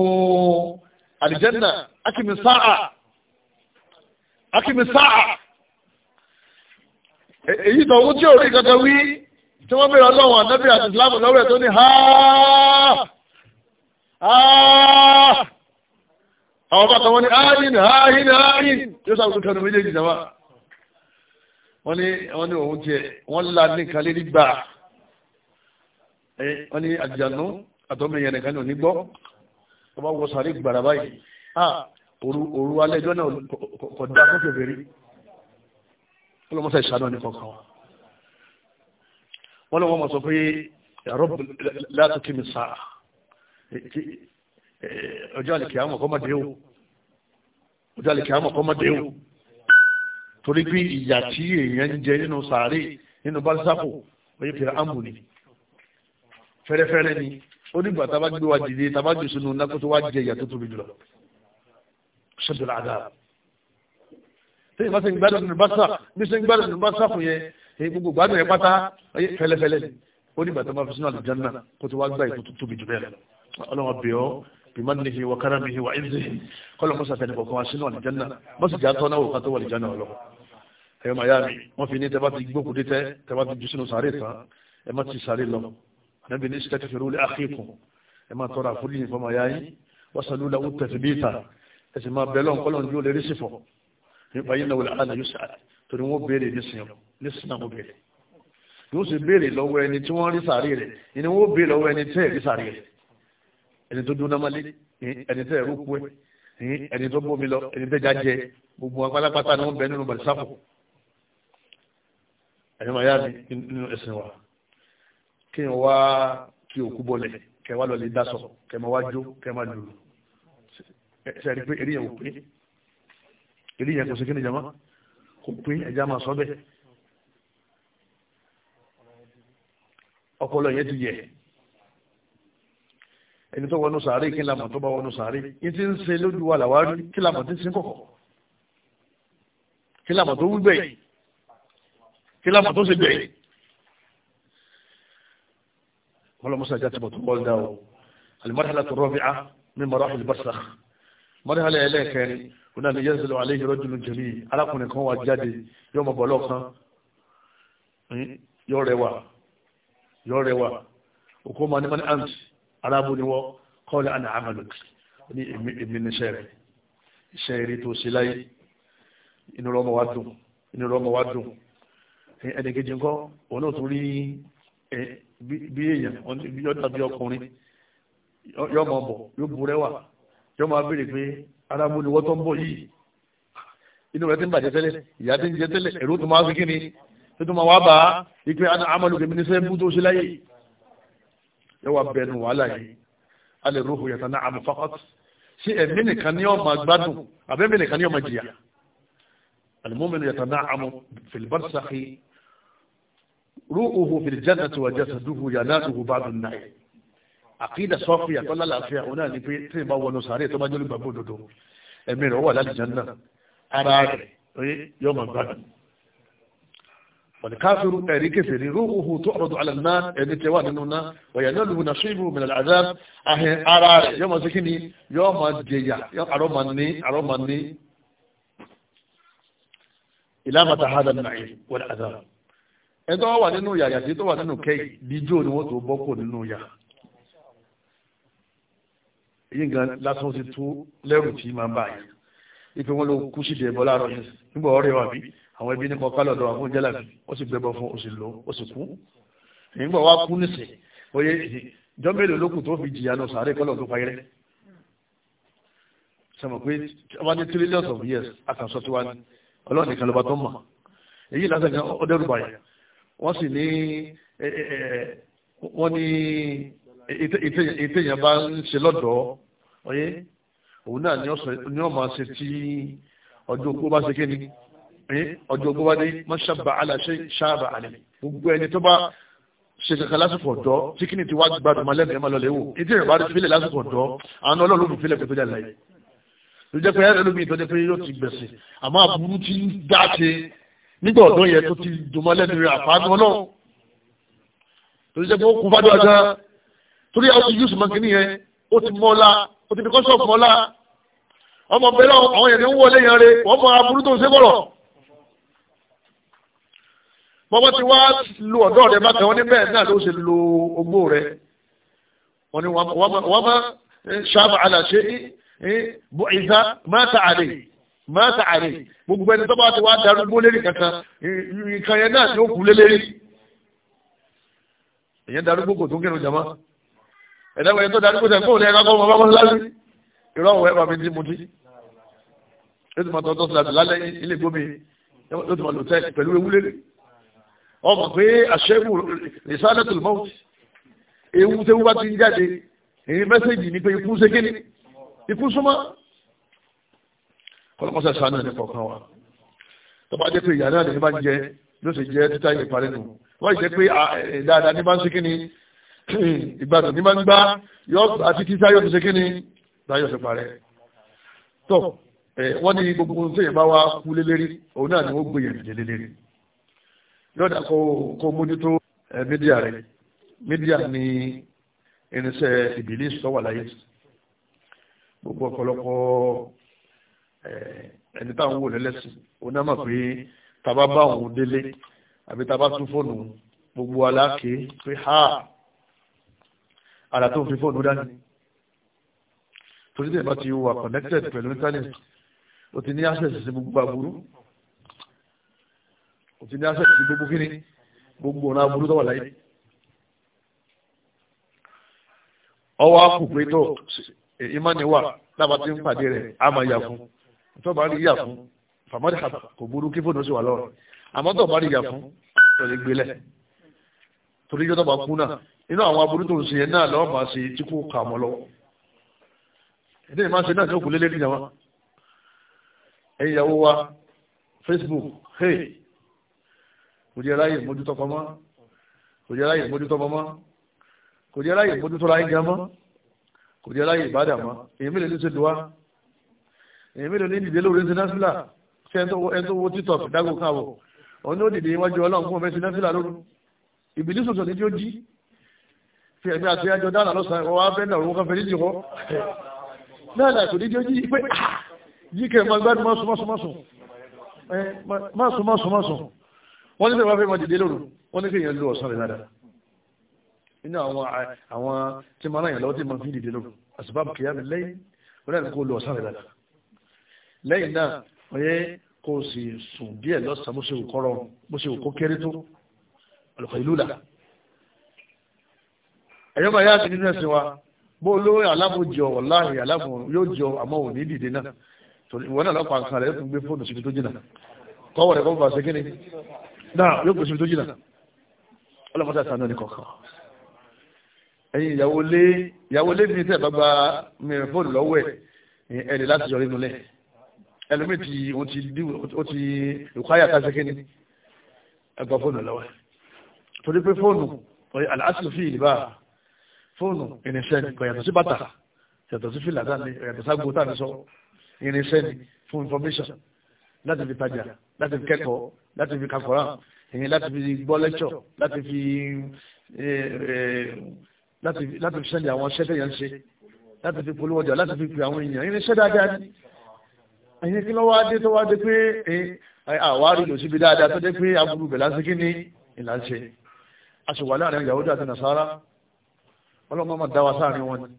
àlìjẹ́nà akìmìsáà akìmìsáà e, èyí tó owó tí ò rí kankan wí tí wọ́n bèèrè ọlọ́run ànábì àti ìsìlámù lọ́wọ́ ẹ̀ tó ní ha ha àwọn bàtà wọn ni ayin ayin ayin yóò sábà tó kẹnu méjèèjì náà wọ́n ní wọ́n ní òun tiẹ̀ wọ́n la nìkan lé nígbà wọ́n ní àjànú àtọ́mẹyẹ nìkan ní onígbọ́ wọ́n bá wọ sàrí gbàrà báyìí òru òru alẹ́jọ́ náà kò dá fún fèfèrè ọlọ́mọsẹ̀ ìṣàdán ní kọ̀ọ̀kan wa wọ́n lọ́wọ́ mọ̀ sọ pé ẹ̀rọ láti kí mi sáà ọjọ́ àlìkè àmọ̀ kọ́mọdé o ọjọ́ àlìkè àmọ̀ kọ́mọdé o torí pé ìyà tí èèyàn ń jẹ nínú sàárè nínú bárísàpò oye fèrè ámbù ni fẹ́rẹ́fẹ́rẹ́ ni ó nígbà tábà gbé wa dìde tábà jù sínú nákó tó wá jẹ ìyà tó tóbi jùlọ ṣètòlá àdá tẹ́yìn bá ṣe ń gbádùn nínú báṣà bí ṣe ń gbádùn nínú báṣà fún yẹn èyí gbogbo gbádùn yẹn pátá oye fẹ́lẹ́fẹ́lẹ́ ni ó nígbà fi sínú àlùjánnà kó tó wá gbá ìtò tó tóbi jù bẹ́ẹ̀ lọ ọlọ́wọ́ bẹ̀ ọ́ bimanihi wa karamihi wa izihi kọlọmọsàfẹ́ nìkan kan wá sínú àlùjánnà mọ́sì jà tọ́ náà wò ká tó wà àlùjánnà ọlọ́wọ́ ẹ̀rọ mayami wọ́n fi ní tẹ́bá ti gbókùdé tẹ́ tẹ́bá ti jù sínú sàárè tán ẹ má ti sàárè lọ ànábì ní sítẹ́tì fèrè olè àkíkùn ẹ má tọrọ àforíjì fún ọmọ yáyí wọ́n sàlú làwọn tẹ̀sí bí ìta ẹ sì máa bẹ̀lọ́ nkọ́lọ́ ní olè rísìfọ̀ nípa yín náà wọlé àná yóò sà torí wọ́n béèrè nísìnyàn wọ́n béèrè yóò sì béèrè lọ́wọ́ ẹni tí wọ́n rí sàárè rẹ̀ ẹni wọ́n béèrè lọ́wọ́ ẹni tẹ́ rí sàárè rẹ̀ ẹni tó dún námálé ẹni tẹ́ rúkú ẹni tó bómi lọ ẹni tẹ́ jájẹ gbogbo apalápátá ni wọ́n bẹ nínú bàtìsáfò ẹ̀yìn máa yá mi nínú ẹ̀sìn wa kí n wá kí òkú bọ́lẹ̀ kẹ wá lọ́lẹ̀ dásọ̀ kẹ máa wá jó kẹ máa lùlù ṣe àdí pé eré yẹn kò pé eré yẹn kò sí kí ni jama kò pé ẹja máa sọ bẹ́ẹ̀ ọpọlọ yẹn ti yẹ ẹni tó wọnú sàárè kí lamọ̀ tó bá wọnú sàárè yìí ti ń ṣe lójú wa làwárí kí lamọ̀ ti ń sin kọ̀kọ̀ kí lamọ̀ tó wú bẹ́ẹ̀ kí lámà tó ṣe bẹ̀rẹ̀ ọlọ́mọsá jáde bọ̀ tó wọ́n dá o alimọ́tàlá tó rọ́bì á mi mọ̀rọ́ àlùbọ́sà mọ́tàlá ẹlẹ́ẹ̀kẹrin ó náà ní yẹn sílẹ̀ àlẹ́ ìrọ́ jùlọ jùlọ yìí alákùnrin kan wà jáde yóò mọ̀ bọ̀lọ́ kan yóò rẹwà yóò rẹwà òkú ma ní mọ́ni àǹtí arábù ni wọ́n kọ́lé àná àmàlùk ní èmi níṣẹ́ rẹ̀ iṣẹ́ ẹnìkejì ńkọ́ òun náà tún rí bí èèyàn yọ dàbí ọkùnrin yọ máa bọ̀ yóò bu rẹwà yọ máa béèrè pé aráàmú ni wọ́n tó ń bọ̀ yìí inú rẹ ti ń bàjẹ́ tẹ́lẹ̀ ìyá ti ń jẹ tẹ́lẹ̀ ẹ̀rú tó máa fi kí ni tó tó máa wá bá ipe amalu kèmí ní sẹ́ńbù tó ṣe láyé yọ wá bẹnu wàhálà yìí alẹ́ rúhu yàtọ̀ náà àmì fákọ́tù ṣe ẹ̀mí nìkan ní ọmọ gbádùn àbẹ́mí nìkan ní ọmọ jìyà alimominu yàtọ̀ náà àmú filibarisaki ruuhu fil jannati wa jasaduhu yanaluhu ba'du an-na'im àkídà sọ́fìyà tó lálàáfíà òun náà ni pé tí ìbá wọnú sàárè tó bá jẹ́ olùgbàgbọ́ òdodo ẹ̀mí rẹ̀ wà láti jẹun náà ara rẹ̀ yóò máa gbádùn. wàlíkáfíru ẹ̀rí kẹfẹ́rí ruuhu tu'radu 'ala an-nar ẹni tẹ wà nínú náà wa yanaluhu nasibuhu min al-'adhab ahẹ́ ara rẹ̀ yóò máa sẹ́kìnì yóò máa jẹyà àrọ́ máa ní àrọ́ máa ní ìlànà tàhádà nàìjíríà wal-'adhab ẹni tó wà nínú yàyà tí tó wà nínú kẹ́yì díjó ni wọ́n tó bọ́kò nínú yà èyí gan lásán ti tó lẹ́rù tí máa bá yìí ife wọn ló kú sí ìdẹ̀bọ́ láàárọ̀ yìí nígbà ọ̀rẹ́ wà bí àwọn ẹbí nípa kálọ̀dọ̀ àwọn jálàbí ó sì bẹ̀bọ̀ fún ó sì lọ ó sì kú nígbà wá kú nìsín oyè ìjọ mélòó lókùn tó fi jìyà lọ sàárè kọ́lọ̀ tó fayẹ́rẹ́ sọmọ pé wọ́n ní trillions of years àkànṣọ́ tí wọ́n ní ọlọ́ọ̀nì kan lọ́ba tó mọ̀ èyí lásán kan ó dẹ́rù báyìí wọ́n sì ní wọ́n ní ìtẹ̀yìn bá ń ṣe lọ́dọ̀ ọyẹ òun náà ni wọ́n máa ṣe tí ọjọ́ ogbó bá ṣe kí ni ọjọ́ ogbó bá dé wọ́n ṣàbà aláṣẹ ṣàbà àlẹ́ gbogbo ẹni tó bá ṣe kankan lásìkò ọ̀dọ́ tí kí ni ti wá gbádùn máa lẹ́mìí máa lọ́lẹ́wò ìdí ìrìn bá rí fílẹ̀ lásìkò ọ̀dọ́ àwọn ọlọ́run fílẹ̀ pẹ̀lú àlàyé ló jẹ́ pé ẹlòmíì tó pé yóò ti gbẹ̀sìn àmọ́ àbúrú ti ń dá nígbà ọ̀dọ́ yẹn tó ti dùnmọ́ lẹ́nu rẹ̀ àfáàdùn náà tó ti jẹ́ pé ó kú fádùn àgbà torí àwọn ti yúùsù mọ́kì nìyẹn ó ti mọ́lá ó ti fi kọ́sọ̀ mọ́lá ọmọ bẹ́ẹ̀ náà àwọn yẹn ń wọlé yẹn rẹ̀ wọ́n mọ aburú tó ń ṣe bọ̀rọ̀ bọ́bọ́ ti wá lu ọ̀dọ́ rẹ̀ bá tẹ̀wọ́n níbẹ̀ náà ló ṣe lo ogbó rẹ̀ wọ́n ní wọ́n máa ṣáàbà àlàṣe bọ́ ìzá máa ta àlè mọ́tà àrè gbogbo ẹni tó bá ti wá darúgbó lérí kankan nǹkan yẹn náà ni ó kú lé lérí èyàn darúgbó kò tún kírun jama ẹ̀dẹ́gbẹ̀ yẹn tó darúgbó tẹ̀ fóònù ẹ̀ka kọ́mọ bábọ́ lálẹ́ ìrọ̀wọ̀ ẹ̀ bàbí ti mutí yóò ti máa tọ́ tọ́sí láti lálẹ́ ilé gómi yóò ti máa lò tẹ́ pẹ̀lú ewu lélẹ̀ ọmọ pé àṣẹ́wù ìsáré tó mọ́ ewu tẹ́wú bá ti ń jáde èyí mẹ́sẹ̀gì ni pé ikú ṣe kéde ikú kọ́lọ́kọ́sẹ̀ sánà ní kọ̀ọ̀kan wa tó bá jẹ́ pé ìyá náà lè bá jẹ ló sì jẹ́ títà ìparí nù wọ́n jẹ́ pé dáadáa ní bá ń ṣe kí ni *clears throat* ìgbàdàn ní bá ń gbá yọ àti títà yọ ti ṣe kí ni láyọ̀ ṣe parẹ́ tó wọ́n ní gbogbo ohun tó yẹ bá wá kú lélẹ́rí òun náà ni wọ́n gbé yẹn lélẹ́rí yọ̀dà kó mójútó mídíà rẹ̀ mídíà ni irinṣẹ́ ìbílẹ̀ sọ́wọ́ láyé gbogbo ọ̀pọ̀lọpọ̀ Eh, ẹni táwọn wò lẹ́lẹ́sìn òun náà mọ̀ pé tàbá bá òun délé àbí tàbá tún fóònù gbogbo aláàkè pé ha àlà tó ń fi fóònù dání torí tẹ̀lé ti wà connected pẹ̀lú internet o ti ní access sí gbogbo aburú o ti ní access sí gbogbo kíni gbogbo ọ̀nà aburú tó wà láyé ọwọ́ àkùpẹ́ tó ìmánìwà tábà ti ń pàdé rẹ̀ á máa yà fún un tó bá rí yà fún fàmọ́dé kò burú kí fóònù sí wà lọ́rùn àmọ́ tó bá rí yà fún tó lè gbélẹ̀ torí yóò tó bá kú náà inú àwọn aburú tó ń ṣe náà lọ́wọ́ máa ṣe tí kò kà mọ́ lọ́wọ́ ẹni ìmáa ṣe náà tí ó kù lélẹ́rìí náà ìyàwó wa Facebook hey kò jẹ́ ráyè mójútó pamọ́ kò jẹ́ ráyè mójútó pamọ́ kò jẹ́ ráyè mójútó ráyè jẹ́ kò jẹ́ ráyè ìbádà èyí mélòó ló ṣe dùn wá èyí mélòó ní dìde lórí sinasila ṣe ẹni tó wo títọ̀ dágò káwọ̀ òun ní ó dìde iwájú ọlọ́run fún ọmọ sinasila lóru ìbílí sòsò ní tí ó jí fi ẹ̀mí àti ẹjọ́ dáná lọ́sàn-án wọ́n á bẹ́ẹ̀ náà òun kan fẹ́rí jìkọ́ náà là kò ní tí ó jí pé jí ah, kẹ́ máa gbádùn máa sùn máa sùn máa sùn máa sùn máa sùn máa sùn wọ́n ní sẹ́yìn wáá fẹ́ máa dìde lóru wọ́n ní kéèyàn lu ọ̀sán rẹ̀ dáadáa nínú àwọn àwọn tí máa náà yàn lọ́wọ́ tí máa fi dìde lóru àsìbáàbù kìyàmì lẹ́yìn náà oyè kò sì sùn díẹ̀ lọ́sàn bó ṣe wù kọ́ rọrùn bó ṣe wù kó kéré tó ọ̀lọ́kọ̀ ìlú là. ẹ̀yọ́ bá yára sí nínú ẹ̀sìn wa bó olówó alábòjì ọ̀wọ̀ láàrin alábòjì yóò jọ àmọ́ òní dìde náà ìwọ náà lọ́pàá nǹkan rẹ̀ yóò tún gbé fóònù síbi tó jìnà kọ́wọ́ rẹ̀ kọ́wọ́ bá ṣe náà yóò gbé síbi tó jìnà ọlọ́pàá sàánú ní kọ̀ọ̀kan ẹ̀yin ìyàwó lé ìyàwó lé mi tẹ̀ bá mi mm, fóònù lọ́wọ́ ẹ̀ ẹ̀ẹ́dẹ̀ láti yọrí nulẹ̀ ẹlòmíì tí o ti di o ti ìkwáyà kásẹ̀kẹ́ ni ẹgbà fóònù lọ́wọ́ torí pé fóònù aláṣẹ fi ìlú bá fóònù irinṣẹ́ ni yàtọ̀ sí bàtà yàtọ̀ sí fìlà dání yàtọ̀ sáàgbó tàbí sọ irinṣẹ́ ni fún information láti fi tajà láti fi kẹ́kọ̀ọ́ láti fi kakọ̀ọ́rà èyí láti fi gbọ́ lẹ́kṣọ̀ eh, eh, láti fi láti fi sẹ́ndì àwọn ṣẹ́tẹ̀ ń ṣe láti fi polówó ọjà láti fi pè àwọn èèyàn irinṣẹ́ dáadáa ẹ̀yìn kí ló wá dé tó wá dé pé àwárí lò síbi dáadáa tó dé pé aburú bẹ̀ lásìkí ní ìlànṣe a sì wà láàrin Yahudi àti Nasara ọlọ́mọ máa dá wa sáàrin wọn ni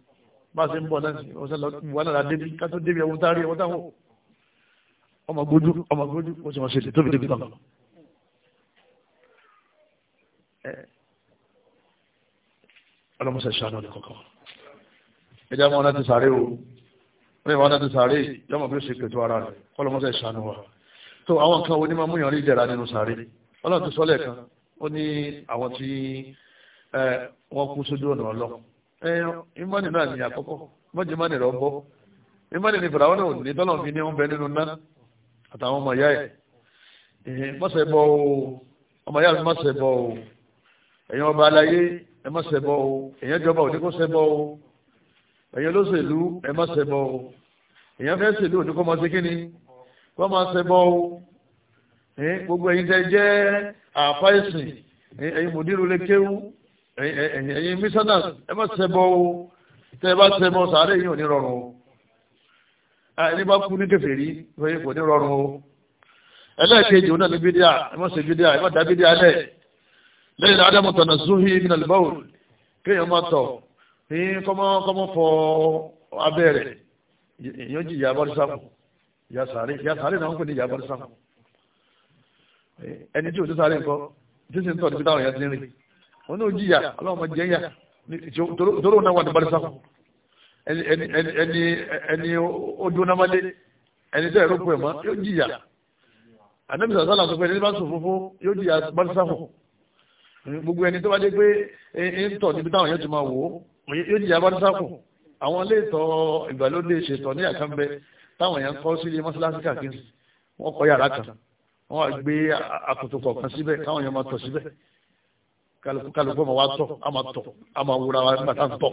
bá a ṣe ń bọ̀ náà sí ọ̀sẹ̀ wà lára débi ká tó débi ẹ̀wọ̀n tárí ẹ̀wọ̀n táwọn ọmọ gbójú ọmọ gbójú ó sì wọ́n ṣe tóbi débi tán ọlọ́mọ sẹ̀ ṣàánú ọ̀dẹ̀ kọ̀ọ̀kan ẹ̀dá mọ́ láti sàárẹ̀ pé ìwà náà ti sàárè yọmọ bí ó ṣe pètò ara rẹ̀ kọ́lọ́mọ́sẹ̀ ìṣàánú wa tó àwọn kan onímọ̀ múyàn rí ìdẹ̀ra nínú sàárè ọlọ́run ti sọ́lẹ̀ kan ó ní àwọn tí wọ́n kú sójú ọ̀nà ọlọ́ ìmọ̀nì náà ní àkọ́kọ́ mọ́jì mọ́nì rọ̀ bọ́ ìmọ̀nì ní fìràwọ́n náà ní tọ́lọ̀ fi ní wọ́n bẹ nínú náà àtàwọn ọmọ ìyá ẹ̀ mọ́sẹ̀ bọ́ o ọmọ ìyá ẹ̀yin olóṣèlú ẹ má ṣẹbọ o èèyàn fẹ́ ṣèlú òní kọ́ máa ṣe kí ni máa o gbogbo ẹ̀yin jẹ́ àáfà ẹ̀sìn ẹ̀yin mòdìrú lè kéwú ẹ̀yin mísánàs ẹ má o tẹ́ ẹ bá sàárẹ̀ yìí ò ní rọrùn o ẹni bá kú ní kò ní rọrùn o ẹlẹ́ẹ̀kejì òun náà ní bídíà ẹ má ṣe bídíà ẹ má dá bídíà lẹ́yìn adamu tọ̀nà zuhi kéèyàn má tọ̀ ní kọ́mọ́ kọ́mọ́ fọ abẹ́ rẹ̀ èèyàn jí ìyá abọ́rísàmù ìyá sàárè ìyá sàárè náà ń pè ní ìyá abọ́rísàmù ẹni tí ò ti sáré nǹkan tí sì ń tọ̀ níbi táwọn èèyàn ti ń rìn wọn náà jìyà ọlọ́mọ jẹ́yà tóró náà wà ní abọ́rísàmù ẹni ẹni ojú námálé ẹni tẹ́ ẹ̀rọ pè mọ́ yóò jìyà ànábì sàlá sọ pé ẹni bá sùn fúnfún yóò jìyà abọ́rísàmù gbogbo ẹni tó bá dé pé ń tọ̀ níbi táwọn èèyàn ti máa wò ó yóò jìyà bá sáàkù àwọn ilé ìtọ́ ìgbàlódé ṣètò ní àkànbẹ táwọn èèyàn kọ́ sílé mọ́ṣáláṣí káàkiri wọ́n kọ́ yàrá kan wọ́n á gbé àkòtò kọ̀ọ̀kan síbẹ̀ káwọn èèyàn máa tọ̀ síbẹ̀ kálukú ọmọ wa tọ̀ á máa tọ̀ á máa wúra wa nígbà tá à ń tọ̀.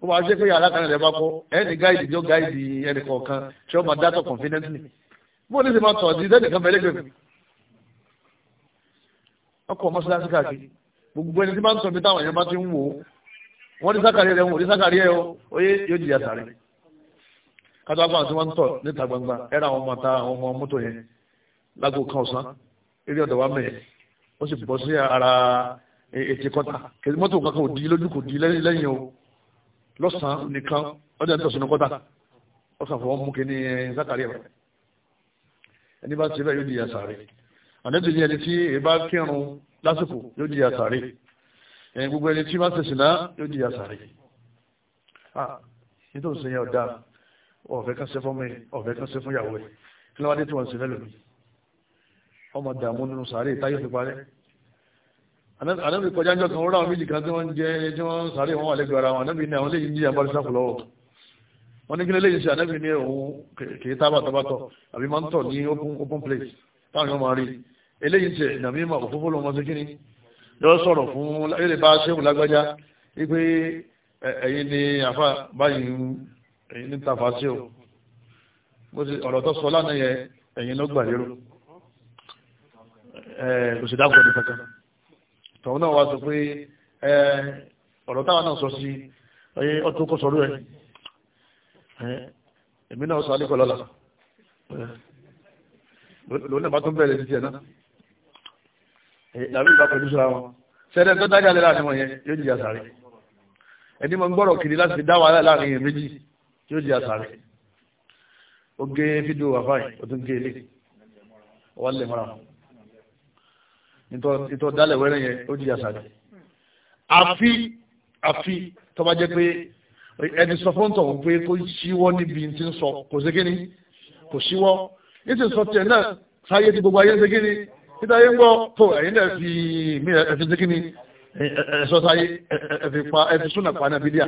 ó máa jẹ́ pé yàrá kan rẹ̀ bá kọ́ ẹni gáìdì yóò gáìdì ẹnì kọ̀ọ̀kan tí ó máa dátọ̀ confidently bó ní sì máa tọ̀ ọ̀dí gbogbo ẹni tí bá ń sọ ibi táwọn èèyàn bá ti ń wò ó wọ́n ní sákàrí rẹ̀ wọ́n ní sákàrí ẹ̀ ó yé yóò jìyà sáré kátó agbára tí wọ́n ń tọ̀ níta gbangba ẹ̀rọ àwọn ọmọ ta àwọn ọmọ mọ́tò yẹn lágbo kan ọ̀sán eré ọ̀dọ̀ wa mẹ́ẹ̀ ó sì bọ́ sí ara ètè e, kọ́ta kèdè mọ́tò kankan ò di lójú kò di lẹ́yìn o lọ́sàn-án nìkan ọjà ń tọ̀ sínú kọ́ta ọ̀sán fọwọ́ mú kí ní sákàrí ẹ̀ àdẹ́tì ní ẹni tí ìbá kírun lásìkò yóò di àsàrí ẹni gbogbo ẹni tí bá ṣe sìná yóò di àsàrí nítorí sèyàn ọ̀dà ọ̀fẹ́ kan ṣe fún mi ọ̀fẹ́ kan ṣe fún ìyàwó ẹ̀ kí ló wá dé tí wọ́n ṣe fẹ́ lómi ọmọ dààmú nínú sàárè táyé fi parẹ́ ànábì kọjá ń jọ kan rárá méjì kan tí wọ́n jẹ́ tí wọ́n sàárè wọn wà lẹ́gbẹ̀ẹ́ ara wọn ànábì ní àwọn léyìn ní àbárí sáfù lọ́wọ́ wọ́n ní kí léyìn sí ànábì ní òun kì í tábàtàbàtọ̀ àbí máa ń tọ̀ ní open place táwọn yóò máa rí eléyìí tẹ nàbí ma òfófó lọ́mọ sí kíni yọ sọ̀rọ̀ fún eré bá ṣéwù lágbájá wípé ẹ̀yin ni àfa báyìí ẹ̀yin ní tàfà sí o bó ti ọ̀rọ̀ tó sọ lánàá yẹ ẹ̀yin ló gbà lérò kò sì dákọ̀ ní kankan tọ̀hún náà wá sọ pé ọ̀rọ̀ táwọn náà sọ sí ọtún kó sọ̀rọ̀ ẹ̀ èmi náà sọ alẹ́kọ̀ọ́ lọ́la lónìí bá tún bẹ̀rẹ̀ títí ẹ̀ náà làwọn ìgbà pẹ̀lú sọ́ra wọn sẹ́dẹ̀ tó dájà lé láàrin wọn yẹn yóò jìyà sáré ẹni mọ̀ ń gbọ́rọ̀ kiri láti dá wàhálà láàrin yẹn méjì yóò jìyà sáré ó gé fídíò wà fáyìn ó tún gé ilé wà lè mọ́ra ìtọ́ dálẹ̀ wẹ́rẹ́ yẹn ó jìyà sáré àfi àfi tó bá jẹ́ pé ẹni sọ fọ́ńtọ̀ títáyé ń gbọ́ tó ẹ̀yìn náà fi mí ẹ̀fi díkì ní ẹ̀sọ́táyé ẹ̀fi pa ẹ̀fi súnà pa náà bídíà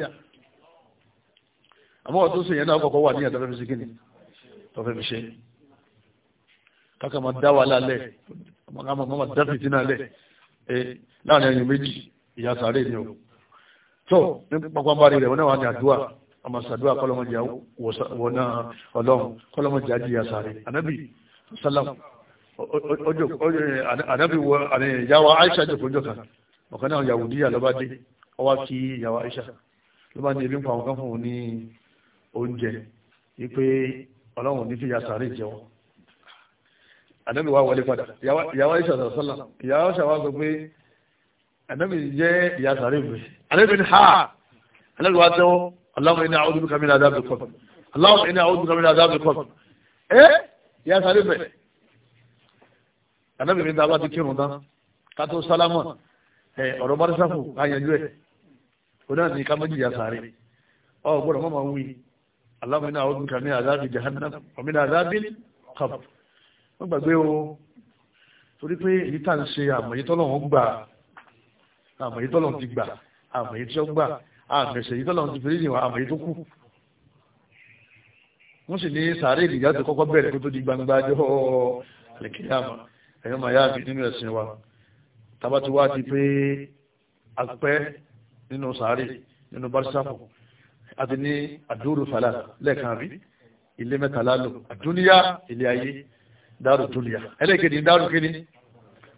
àmọ́ ọ̀tún sì yẹn náà kọ̀kọ́ wà ní ẹ̀dọ́ fẹ́fi síkì ní tó fẹ́fi ṣe káka máa dá wà lálẹ́ máa dá fìtí náà lẹ̀ láàrin ẹ̀yìn méjì ìyá sàárè ni o tó ní pàpàmbarì rẹ̀ wọn náà wà ní àdúrà àmà sàdúrà kọ́lọ́mọjà wọ̀nà ọlọ́run kọ́lọ́mọjà jìyà sàárè ànábì sálàmù Eh, ànábì wọ ìyàwó Aisha jòkó jọ kan ọ̀kan náà Yahudiya ló bá dé ó wá kí ìyàwó Aisha ló bá ní ebi ń pa àwọn kan fún òun ní oúnjẹ wípé ọlọ́run ní fi ya sàárè jẹun ànábì wá wọlé padà ìyàwó Aisha sọ̀rọ̀ sọ́là ìyàwó Aisha wá sọ pé ànábì jẹ́ ìyá sàárè mi ànábì ní ha ànábì wá tẹ́wọ́ aláwọ̀ iná àwọn olùkọ́ mi ní adábì kọ́ aláwọ̀ iná àwọn olùkọ́ mi ní kọ́ ẹ́ ìyá sàárè bẹ̀rẹ̀ ànábì mi ta bá ti kírun tán ká tó sálámà ọ̀rọ̀ bárísàfù ká yanjú ẹ̀ kò náà ní ká méjì yà sáré ọ gbọ́dọ̀ mọ́ máa ń wí aláwọ̀ iná ọdún kan ní àzábì jahannam ọ̀mìnà àzábì kọ̀p wọ́n gbàgbé o torí pé èyí tá à ń ṣe àmọ̀yé tọ́lọ́hún gbà àmọ̀yé ti gbà àmọ̀yé gbà àmẹ̀sẹ̀ yìí ti fi rí ìwà kù wọ́n sì ní sàárè ìdìjà tó kọ́kọ́ bẹ̀rẹ̀ kó tó di gbangba jọ́ lẹ́kẹ̀yàmọ̀ ẹ̀yọ́ màá yáàfi nínú ẹ̀sìn wa tábà ti wá di pé apẹ́ nínú sàárè nínú bárísàpọ̀ àti ní àdúró fàlà lẹ́ẹ̀kan rí ilé mẹ́ta lálò àdúníyà ilé ayé dáàrú dúníyà ẹlẹ́gẹ̀dì dáàrú kíní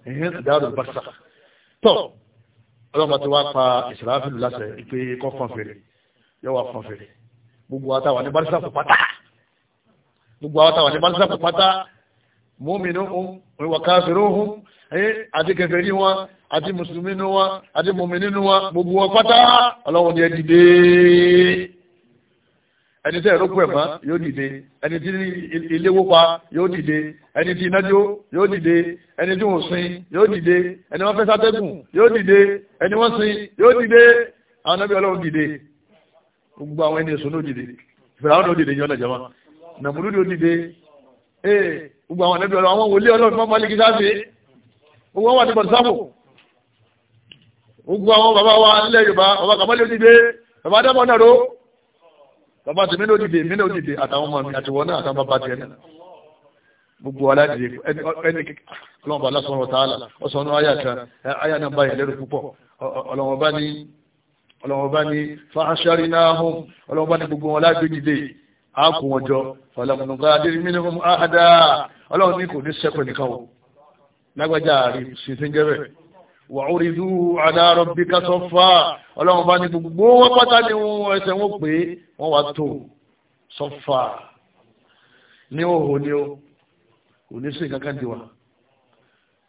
ìhìn dáàrú bárísà tọ́ ọlọ́mọ ti wá pa ìsìláfíìlú láṣẹ ìpè kọ́ fọ́n fèrè yọ wá fèrè gbogbo àtàwọn ní bárísàpọ̀ pátá mọ́mìnú ìwà káfíró hún àti kèfèrí wọn àti mùsùlùmí nínú wọn àti mọ̀mìnú nínú wọn gbogbo wọn pátá ọlọ́wọ́n ni ẹ dìde ẹni tẹ́ ẹ̀rọ pẹ̀ mọ́ yóò dìde ẹni tí ilé wópa yóò dìde ẹni tí inájó yóò dìde ẹni tí wọ́n sin yóò dìde ẹni wọ́n fẹ́ sátẹ́kùn yóò dìde ẹni wọ́n sin yóò dìde àwọn nàbí ọlọ́run dìde gbogbo àwọn ẹni èso ló dìde ìfẹ̀rẹ̀ àwọn ló dìde yọ̀ọ́ nàjọba nàmúlú ló dìde ee gbogbo àwọn ẹ̀nẹ́bí ọlọ́run àwọn wòlé ọlọ́run fún ọmọlẹ́gì sáfì gbogbo wọn wà bọ̀dùsáfò gbogbo àwọn bàbá wa nílẹ̀ yorùbá bàbá kàmọ́lẹ́ òdìdè bàbá dábọ̀ náà ró bàbá tèmi náà òdìdè mi náà òdìdè àtàwọn ọmọ mi àtiwọ́ náà àtàwọn bàbá tiẹ̀ náà gbogbo aládìyẹ ẹni ọlọ́run bá lásán ọ̀tá àlà ọ̀sán náà ayà kan ayà náà báyìí lẹ́rù púpọ̀ ọlọ́run bá ní fàáṣárí náà hùn ọlọ́run bá ní gbogbo wọn lágbèjì a kò wọn jọ falamunuga adérímínú ahada ọlọ́run ní kò ní sẹ́kọ̀ọ́ nìkan o lágbájá rí sí ti ń jẹ́ bẹ́ẹ̀ wà ó rí dú adáàrọ̀ bí ká sọ fà ọlọ́run bá ní gbogbo wọn pátá ní wọn ẹsẹ̀ wọn pé wọ́n wá tó sọ fà ní òhò ni ó kò ní sí kankan tiwa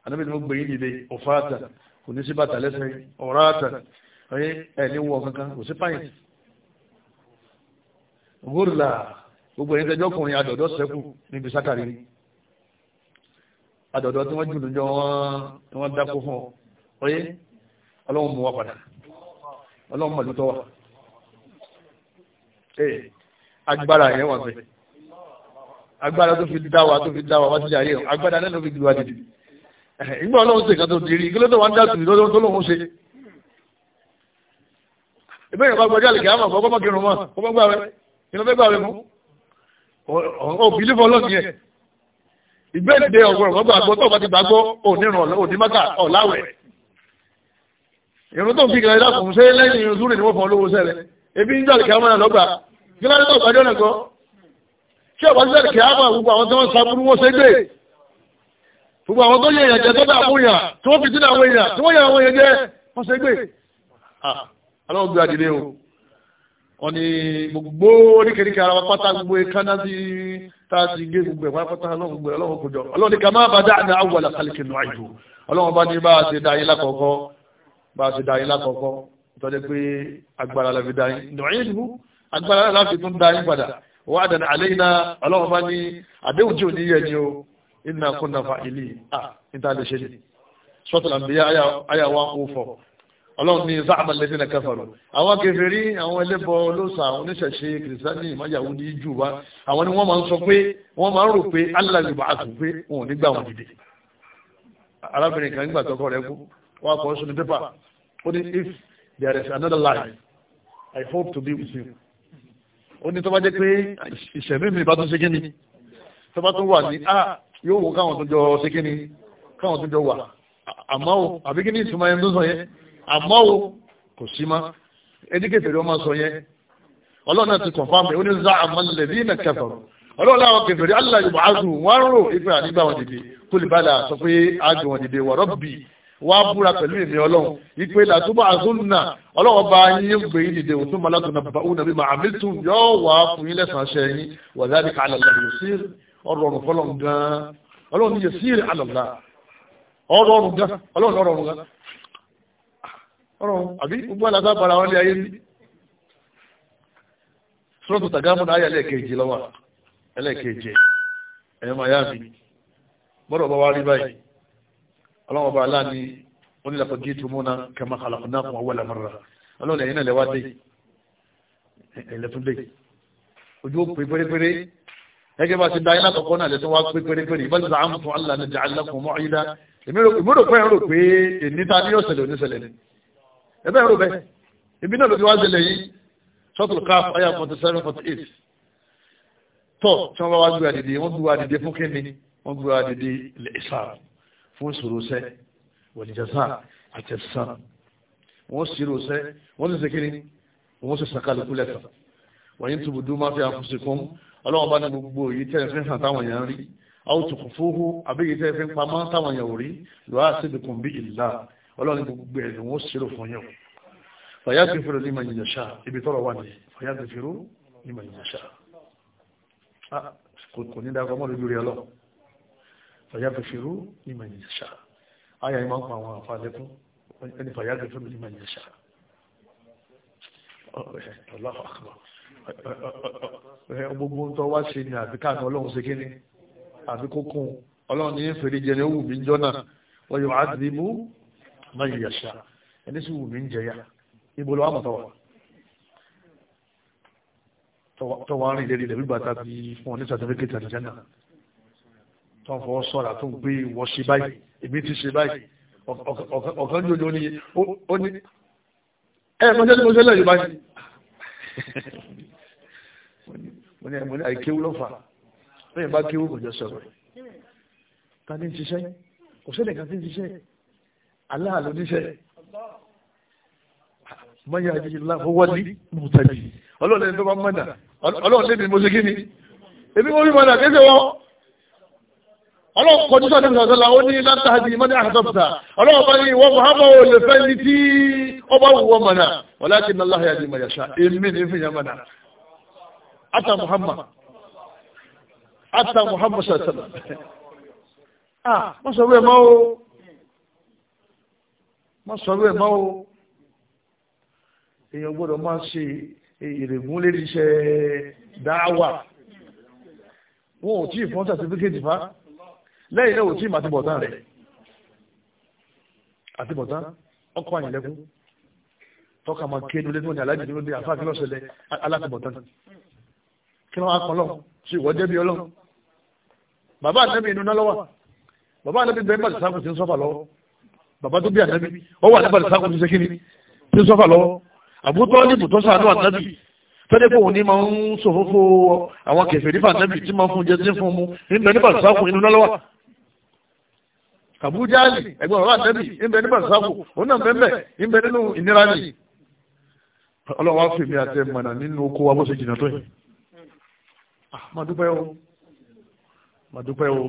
anábì ni mo gbé yín dìde ọ̀fà àtà kò ní sí bàtà lẹ́sẹ̀ ọ̀rá àtà ẹ̀ ní wọ̀ kankan kò sí pààyàn gòrìlà gbogbo ẹ̀yìn tẹjọ́ ọkùnrin àdọ̀dọ̀ sẹ́kù níbi sákàrí adọdọ tí wọ́n jù lójọ́ wọn dákó fún ọ ọyé ọlọ́run mú wa padà ọlọ́run mọ̀lú wa. ee agbára yẹn wà bẹ́ẹ̀ agbára tó fi dá wa tó fi dá wa wá sí ayé agbára náà fi dùn wá dìde ìgbà ọlọ́run ṣe kan tó dirí kí ló tó wà dá tùmí lọ́dọ́ tó lóun ṣe ìbéèrè bá gbọdọ̀ àlèkè àmọ̀ fọ́ kọ́mọ́kì rùn mọ́ kọ́mọ́gbà rẹ̀ kí ló fẹ́ gbàwé fún ò bìlífọ̀ ọlọ́ọ̀ni yẹn ìgbẹ́ǹde ọ̀gbọ̀n ọ̀gbọ̀n àgbọ̀ tó o bá ti gbàgbọ́ onírun òní mọ́tà ọ̀láwẹ̀ ìrún tó ń fi kẹrẹ dákùn ṣe lẹ́yìn irun súnrìn ni wọ́n fọ́ olówó sẹ́rẹ̀ ebi ń jàdìkì àwọn ọlọ́gbà kí ló ń tọ́ ìpàdé ọ̀nà kan ṣé ọ̀pá sí jàdìkì àwọn àgbùgbò àwọn tó ń saburú wọ́n ṣe dé gbogbo àwọn tó yẹ èèyàn jẹ tó bá àwọn èèyàn tí wọ́n fi sínú àwọn èèyàn tí wọ́n yẹ àwọn èèyàn jẹ wọ́n ṣe gbé. aláwọ̀ ah, gbé adìyẹ o wọ́n ní gbogbo oríkèríkè ara wa pátá gbogbo ìkánná sí táàtì gé gbogbo ẹ̀wá pátá ọlọ́run gbogbo ọlọ́run kò jọ ọlọ́run ní ká má bàdá àná awwala khalqin nu'idu ọlọ́run bá ní bá a ṣe dá yín lákọ̀ọ́kọ́ bá a ṣe dá yín lákọ̀ọ́kọ́ tọ́jú pé agbára la fi dá yín nu'idu agbára la fi tún dá yín padà wa'dan alayna ọlọ́run bá ní àdéhùn tí ò ní yẹ ni o inna kunna fa'ilin ah níta lè ọlọ́run ní sáàmà lẹ́sìn náà kẹfàrọ̀ àwọn kèfèrí àwọn ẹlẹ́bọ olóòsà àwọn oníṣẹ̀ṣe kìrìsìtánì ìmáyàwó ní jù wá àwọn ni wọ́n máa ń sọ pé wọ́n máa ń rò pé Allah bá a sùn pé wọn ò ní gbà wọn dìde arábìnrin kan nígbà tọkọ rẹ kú wọn kọ sínú pépà ó ní if there is another life I hope to be with you ó ní tó pé ìṣẹ̀mí mi bá tún ṣe kíni tó tún wà ní a ah, yóò wò káwọn tó jọ ṣe kíni káwọn tó jọ wà àmọ́ o kò sí mọ́ edikete ló máa sọ yẹn ọlọ́run náà ti confam ẹ̀ ó ní za àmọ́lẹ̀ bí nà kẹfọ̀rọ̀ ọlọ́run láwọn kẹfẹ̀rẹ̀ allah yorùbá azùn wọ́n ń rò ìfẹ́ àdígbà wọn dìde kó lè bàdà sọ pé àjò wọn dìde wọ̀rọ̀ bì wá búra pẹ̀lú ìmì ọlọ́run ìpè làtúbọ̀ àzúnà ọlọ́run bá yín ń gbé yín òtún malátùn bàbá òun àbí àmìtún yóò wá fún yín lẹ́sàn-án ṣe yín wà láti ká àlàlà yóò sí ọ̀rọ̀ fọlọ́run gan ọlọ́run yóò sí àlàlà ọ̀rọ̀ gan ọlọ́run ọ̀rọ̀ gan ọ̀rọ̀ àbí gbogbo àlàsà bara wọn ní ayé ní sọ́ọ̀tù tàgámù náà ayé ẹlẹ́ẹ̀kejì lọ́wọ́ ẹlẹ́ẹ̀kejì ẹ̀yẹ́ máa yá mi gbọ́dọ̀ bá wá rí báyìí ọlọ́wọ́ bá aláàní onílàpọ̀ gíìtì múná kẹmà kàlàkùnákùn àwọn ẹlẹ́mọ̀rà ọlọ́run ẹ̀yìn náà lẹ́wà dé ẹ̀lẹ́túndé ojú ó pè pérépéré ẹgẹ́ bá ti da iná kọ̀kọ́ náà lẹ́tún wá pé pérépéré ìbá lùzà àmùtún aláàní jẹ́ alákùn mọ́ ìdá ìmúrò pé ẹ̀rọ ní ọ̀sẹ̀lẹ̀ oníṣẹ̀lẹ̀ ni ẹ̀bẹ́ ẹ̀rọ bẹ́ẹ̀ ibi náà ló ti wá ṣẹlẹ̀ yìí sọ́tùlù káf ayà forty seven forty eight tọ́ tí wọ́n bá wá gbé àdìdì wọ́n gbé àdìdì fún kíni wọ́n gbé àdìdì ilẹ̀ islam fún ìṣòròṣẹ́ wọ̀nìjàsá àti ẹ̀sán wọ́n ṣìròṣẹ́ wọ́n ti ṣe kíni wọ́n ṣe ṣàkàlùkù lẹ́sàn wọ́n yín tùbùdú máa fi àkùsì fún ọlọ́wọ́n bá ní gbogbo èyí tẹ́ fi hàn táwọn èèyàn rí àwọn tùkùfóhù àbí èyí tẹ́ fi pamọ́ táwọn èèyàn ò rí lọ́wọ́ àṣìbìkùn bí ìlà ọlọ́run gbogbo ẹ̀sùn wọn ṣèrò fún yẹn fàyà ti fèrò ní màyìnyà ṣá ibi tọrọ wà ní fàyà ti fèrò ní màyìnyà ṣá kò ní dákọ mọ́ lórí ọlọ́ fàyà ti fèrò ní màyìnyà ṣá ayà yìí máa ń pa àwọn àfàlẹ́kún ẹni fàyà ti fèrò ní màyìnyà ṣá ọlọ́wọ́ àkàbà gbogbo ń tọ́ wá ṣe ni àbíká ní ọlọ́run ṣe kíní àbíkókún ọlọ́run ní fèrè jẹ ní ó wù mí jọ́nà wọ́n yóò á dìbò man yasha ẹni sì wù mí ń jẹyà ibo lọ́wọ́ àmọ̀tọ́ wa tọ́wọ́ arìn lérí ilẹ̀ gbígbà tá a ti fún ọ ní certificate àti jẹ́nà tó ń fọwọ́ sọ̀rọ̀ tó ń gbé ìwọ ṣe báyìí èmi ti ṣe báyìí ọ̀kan jòjò ni ó ní ẹ mọ́jẹ́ tí mo ṣe lẹ́yìn báyìí mo ní ẹ̀mọ́ ní àìkéwú lọ́fà lẹ́yìn bá kéwú kò jẹ́ sọ̀rọ̀ ta ni ń ṣiṣẹ́ kò sẹ́nìkan ti ń ṣiṣẹ́ Allah ló níṣẹ́ mọ́yà àjíjì láfọwọ́lì mùtàjì ọlọ́ọ̀lẹ́ni tó bá mọ́nà ọlọ́ọ̀lẹ́ni mo ṣe kí ni èmi wọ́n rí mọ́nà kéṣe wọn ọlọ́ọ̀kọ́ nísọ̀ nípa ọ̀sọ́lá ó ní látàdí mọ́nà àtọ́pùtà ọlọ́ọ̀bá ní wọ́n mọ́hámọ́ ò lè fẹ́ ní tí ó bá wù wọ́n mọ́nà walakin Allah yahdi man yasha èmi ní fi yàn mọ́nà ata Muhammad ah, wọ́n sọ má sọ̀rọ̀ ẹ̀ má o èèyàn gbọ́dọ̀ máa ṣe ìrègùn lérí iṣẹ́ dáwà wọn ò tí ì fún sàtífíkẹ́tì fa lẹ́yìn náà ò tí ì máa ti bọ̀tán rẹ̀ àti bọ̀tán ọkọ̀ àyìnlẹ́kùn tọ́ka máa ké nulẹ̀ tó ní aláàjì nínú bí àfáà kílọ̀ ṣẹlẹ̀ alátìbọ̀tán kí wọ́n á kọ́ lọ́wọ́ sí ìwọ́ jẹ́bi ọlọ́run bàbá àtẹ́bí inú náà lọ́wọ́ bàbá àtẹ́bí bẹ́ẹ̀ bá ti sáfù sí ń sọ́fà lọ́wọ́ bàbá tó bí ànábì ó wà nípa ìsáàkù tó ṣe kí ni tí ó sọ́fà lọ́wọ́ àbútọ́ níbù tó sàánú ànábì tọ́lé pé òun ní máa ń sòfófó àwọn kẹfẹ́ nípa ànábì tí máa ń fún jẹ tí ń fún mu níbẹ̀ nípa ìsáàkù inú náà lọ́wọ́ àbújá ni ẹgbẹ́ bàbá ànábì níbẹ̀ nípa ìsáàkù òun náà bẹ́ẹ̀ bẹ́ẹ̀ níbẹ̀ nínú ìnira ni ọlọ́wọ́ fèmí àti mọ̀nà nínú oko wa bó ṣe jìnnà tó yẹn. Ah, màdúpẹ́ o màdúpẹ́ o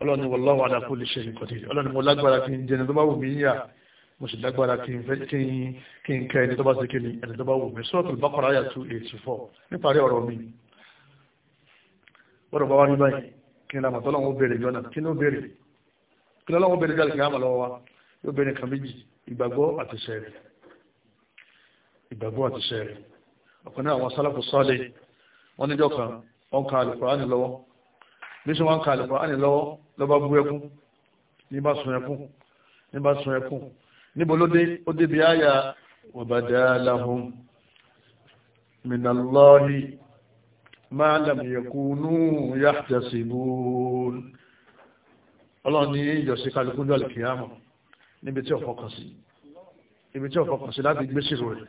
ọlọ́run ni wallahu ala kulli shay'in qadir ọlọ́run ni mo lágbára kí n jẹ ẹni tó bá wù mí yà mo sì lágbára kí n kẹ́ ẹni tó bá ṣe kéde ẹni tó bá wù mí Suratul Baqara àyà 284 níparí ọ̀rọ̀ mi ọ̀rọ̀ bá wá ní báyìí kí n làmọ̀ tó lọ́wọ́ bèrè jọ́nà kí ni bèrè kí ni ọlọ́wọ́ bèrè jáde kí n àmọ̀ lọ́wọ́ wa yóò bèrè kan méjì ìgbàgbọ́ àti ìgbàgbọ́ àti sẹ́rẹ̀ bí sọ wọn kàlùkọ á ní lọ́wọ́ lọ́ba bú ẹkún ní bá sun ẹkún ní bá sun ẹkún níbo ló dé ó débi àyà wàbàdà lahum minallahi ma lam yakunu yahtasibun ọlọ́run ní ìjọsí kálukú ní alìkìyàmọ̀ níbi tí ọ̀fọ́kàn sí ibi tí ọ̀fọ́kàn sí láti gbé sírò rẹ̀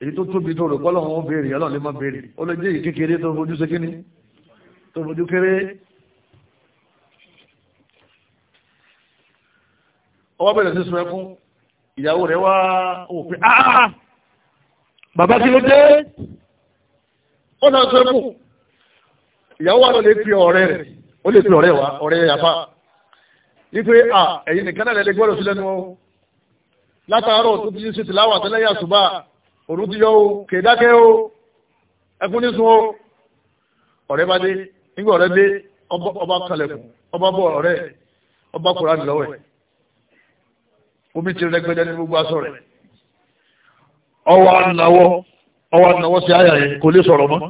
èyí tó tóbi tó rò pọ́lọ́run ó béèrè ọlọ́run lè má béèrè ó lè jẹ́ ìkékeré tó fojú sí kíní tó bójú kéré ọwọ́ bẹ̀rẹ̀ sí sun ẹkún ìyàwó rẹ̀ wá òfin áá ah, ah, ah, bàbá kí ló dé ó náà sun ẹkún ìyàwó wa ló lè fi ọ̀rẹ́ rẹ̀ ó lè fi ọ̀rẹ́ wa ọ̀rẹ́ yàfa wípé à ẹ̀yin nìkan náà lè gbọ́dọ̀ sí lẹ́nu o látàárọ̀ tó ti ń ṣe tìláwà tẹ́lẹ̀ yà ṣùgbà òru ti yọ o kèédákẹ́ o ẹkún ní sun o ọ̀rẹ́ bá dé nígbà ọ̀rẹ́ dé ọba kalẹ̀kùn ọba bọ̀ ọ̀rẹ́ ọba kura lọ́wọ́ omi ti rẹgbẹdẹ ní gbogbo aṣọ rẹ̀ ọwọ́ anáwọ́ ọwọ́ anáwọ́ sí àyà yẹn kò lè sọ̀rọ̀ mọ́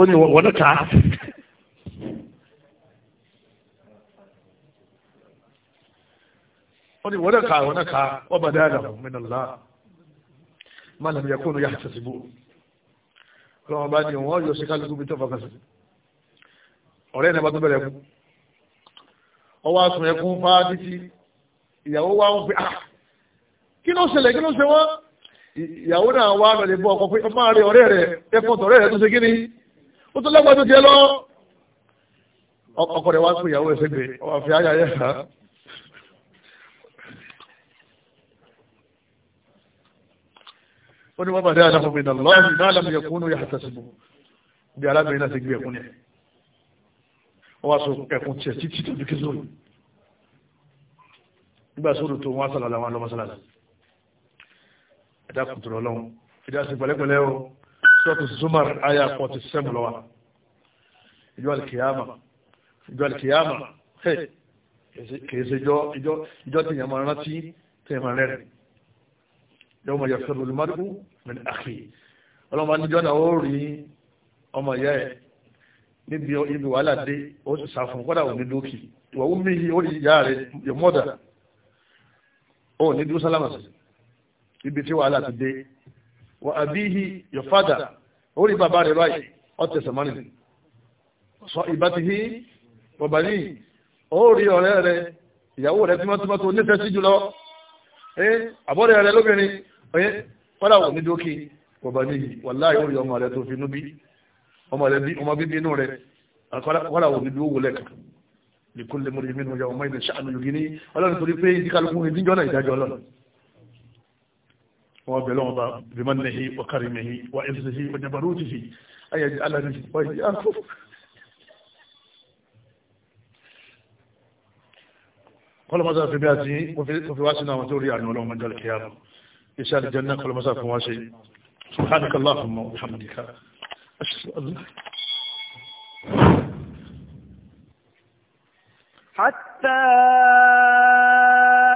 ó ní wọ́n ká ó ní wọ́n ká wọ́n ká wọ́n bá dáadáa min Allah ma lam yakunu yahtasibu. lọ́wọ́n bá ní wọ́n yóò sí kálukú bí tó fọkàn sí ọ̀rẹ́ ẹ̀nà bá tó bẹ̀rẹ̀ ẹkún ọwọ́ àtún ẹkún fá títí ìyàwó wá ń pè ah kí ló ṣẹlẹ̀ kí ló ṣe wọ́n ìyàwó náà wá lọ́lẹ̀ bọ́ ọkọ̀ pé ọmọ rẹ̀ ọ̀rẹ́ rẹ̀ ẹkùn tọ̀rẹ́ rẹ̀ tó ṣe kíni ó tó lẹ́gbàá tó tiẹ̀ lọ ọkọ̀ rẹ̀ wá pè ìyàwó ẹ̀ṣẹ̀ ó ní wọ́n bàdé àdáhùn mi nà lọ́ọ̀mì náà lámì ẹ̀kúnnú yà àtàsìbò bí alábìnrin náà ti gbé ẹ̀kún yẹn ó wá so ẹ̀kún tiẹ̀ títí tó dúkẹ́ sórí nígbà sóòrò tó wọ́n sàlàlà wọn lọ́mọ́sàlàlà ẹ̀dá kùtùrọ̀ lọ́wọ́ ìdá sí pẹ̀lẹ́pẹ̀lẹ́ o sọ́ọ̀tù zumar aya forty seven lọ́wọ́ ìjọ alìkìyàmà ìjọ alìkìyàmà kèése ìjọ ìjọ ìjọ tìyàmọ̀ rántí tìyàmọ̀ rẹ̀ يوم mọ̀ yẹsẹ̀ من mi àkì ọlọ́mọ níjọ́ náà ó rí ọmọ ìyá ẹ̀ níbi ibi wàhálà dé ó sì sàfún kọ́dà òní dókì ìwà ó mí ó rí ìyá rẹ̀ your mother ó ní dúró sálámà sí ibi tí wàhálà ti dé wà àbíhi your father ó rí bàbá rẹ̀ báyìí ó tẹ̀sẹ̀ mọ́nì sọ ìbátihí bàbá yìí ó rí ọ̀rẹ́ rẹ̀ ìyàwó rẹ̀ tímọ́tímọ́ tó nífẹ̀ẹ́ sí jùlọ àbọ̀rẹ̀ rẹ̀ lóbìnrin oye kọ́dà wò ní dókè ọba níyì wàláhì orí ọmọ rẹ tó fi inú bí ọmọ rẹ bí ọmọ bíbí inú rẹ kọ́dà wò ní bí ó wò lẹ́ka lèkó lè múrí mímú ya ọmọ ilẹ̀ ṣàánú yìí ní ọlọ́run torí pé ìdíkàlùkù ìdíjọ́ náà ìdájọ́ ọlọ́run wọ́n bẹ̀rẹ̀ wọn bá bímọ nìyí ọkàrí nìyí wà ẹ̀sìsì ọjọ́bàrú òtìsì ayé aláàrin wọ́n yìí àkókò kọ́lọ́mọ́sá fi bí àti mo fi wá sínú àwọn tó rí àánú ọlọ́run mọ́jọ́ lè kíyàmù يسال الجنة كل مسافة ما شيء سبحانك اللهم وبحمدك حتى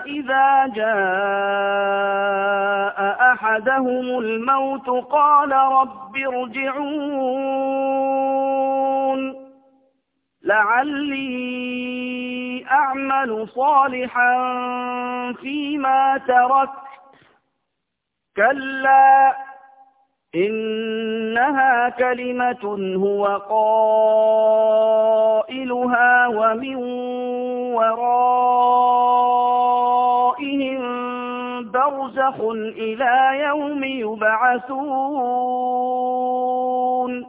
إذا جاء أحدهم الموت قال رب ارجعون لعلي أعمل صالحا فيما تركت كلا إنها كلمة هو قائلها ومن ورائهم برزخ إلى يوم يبعثون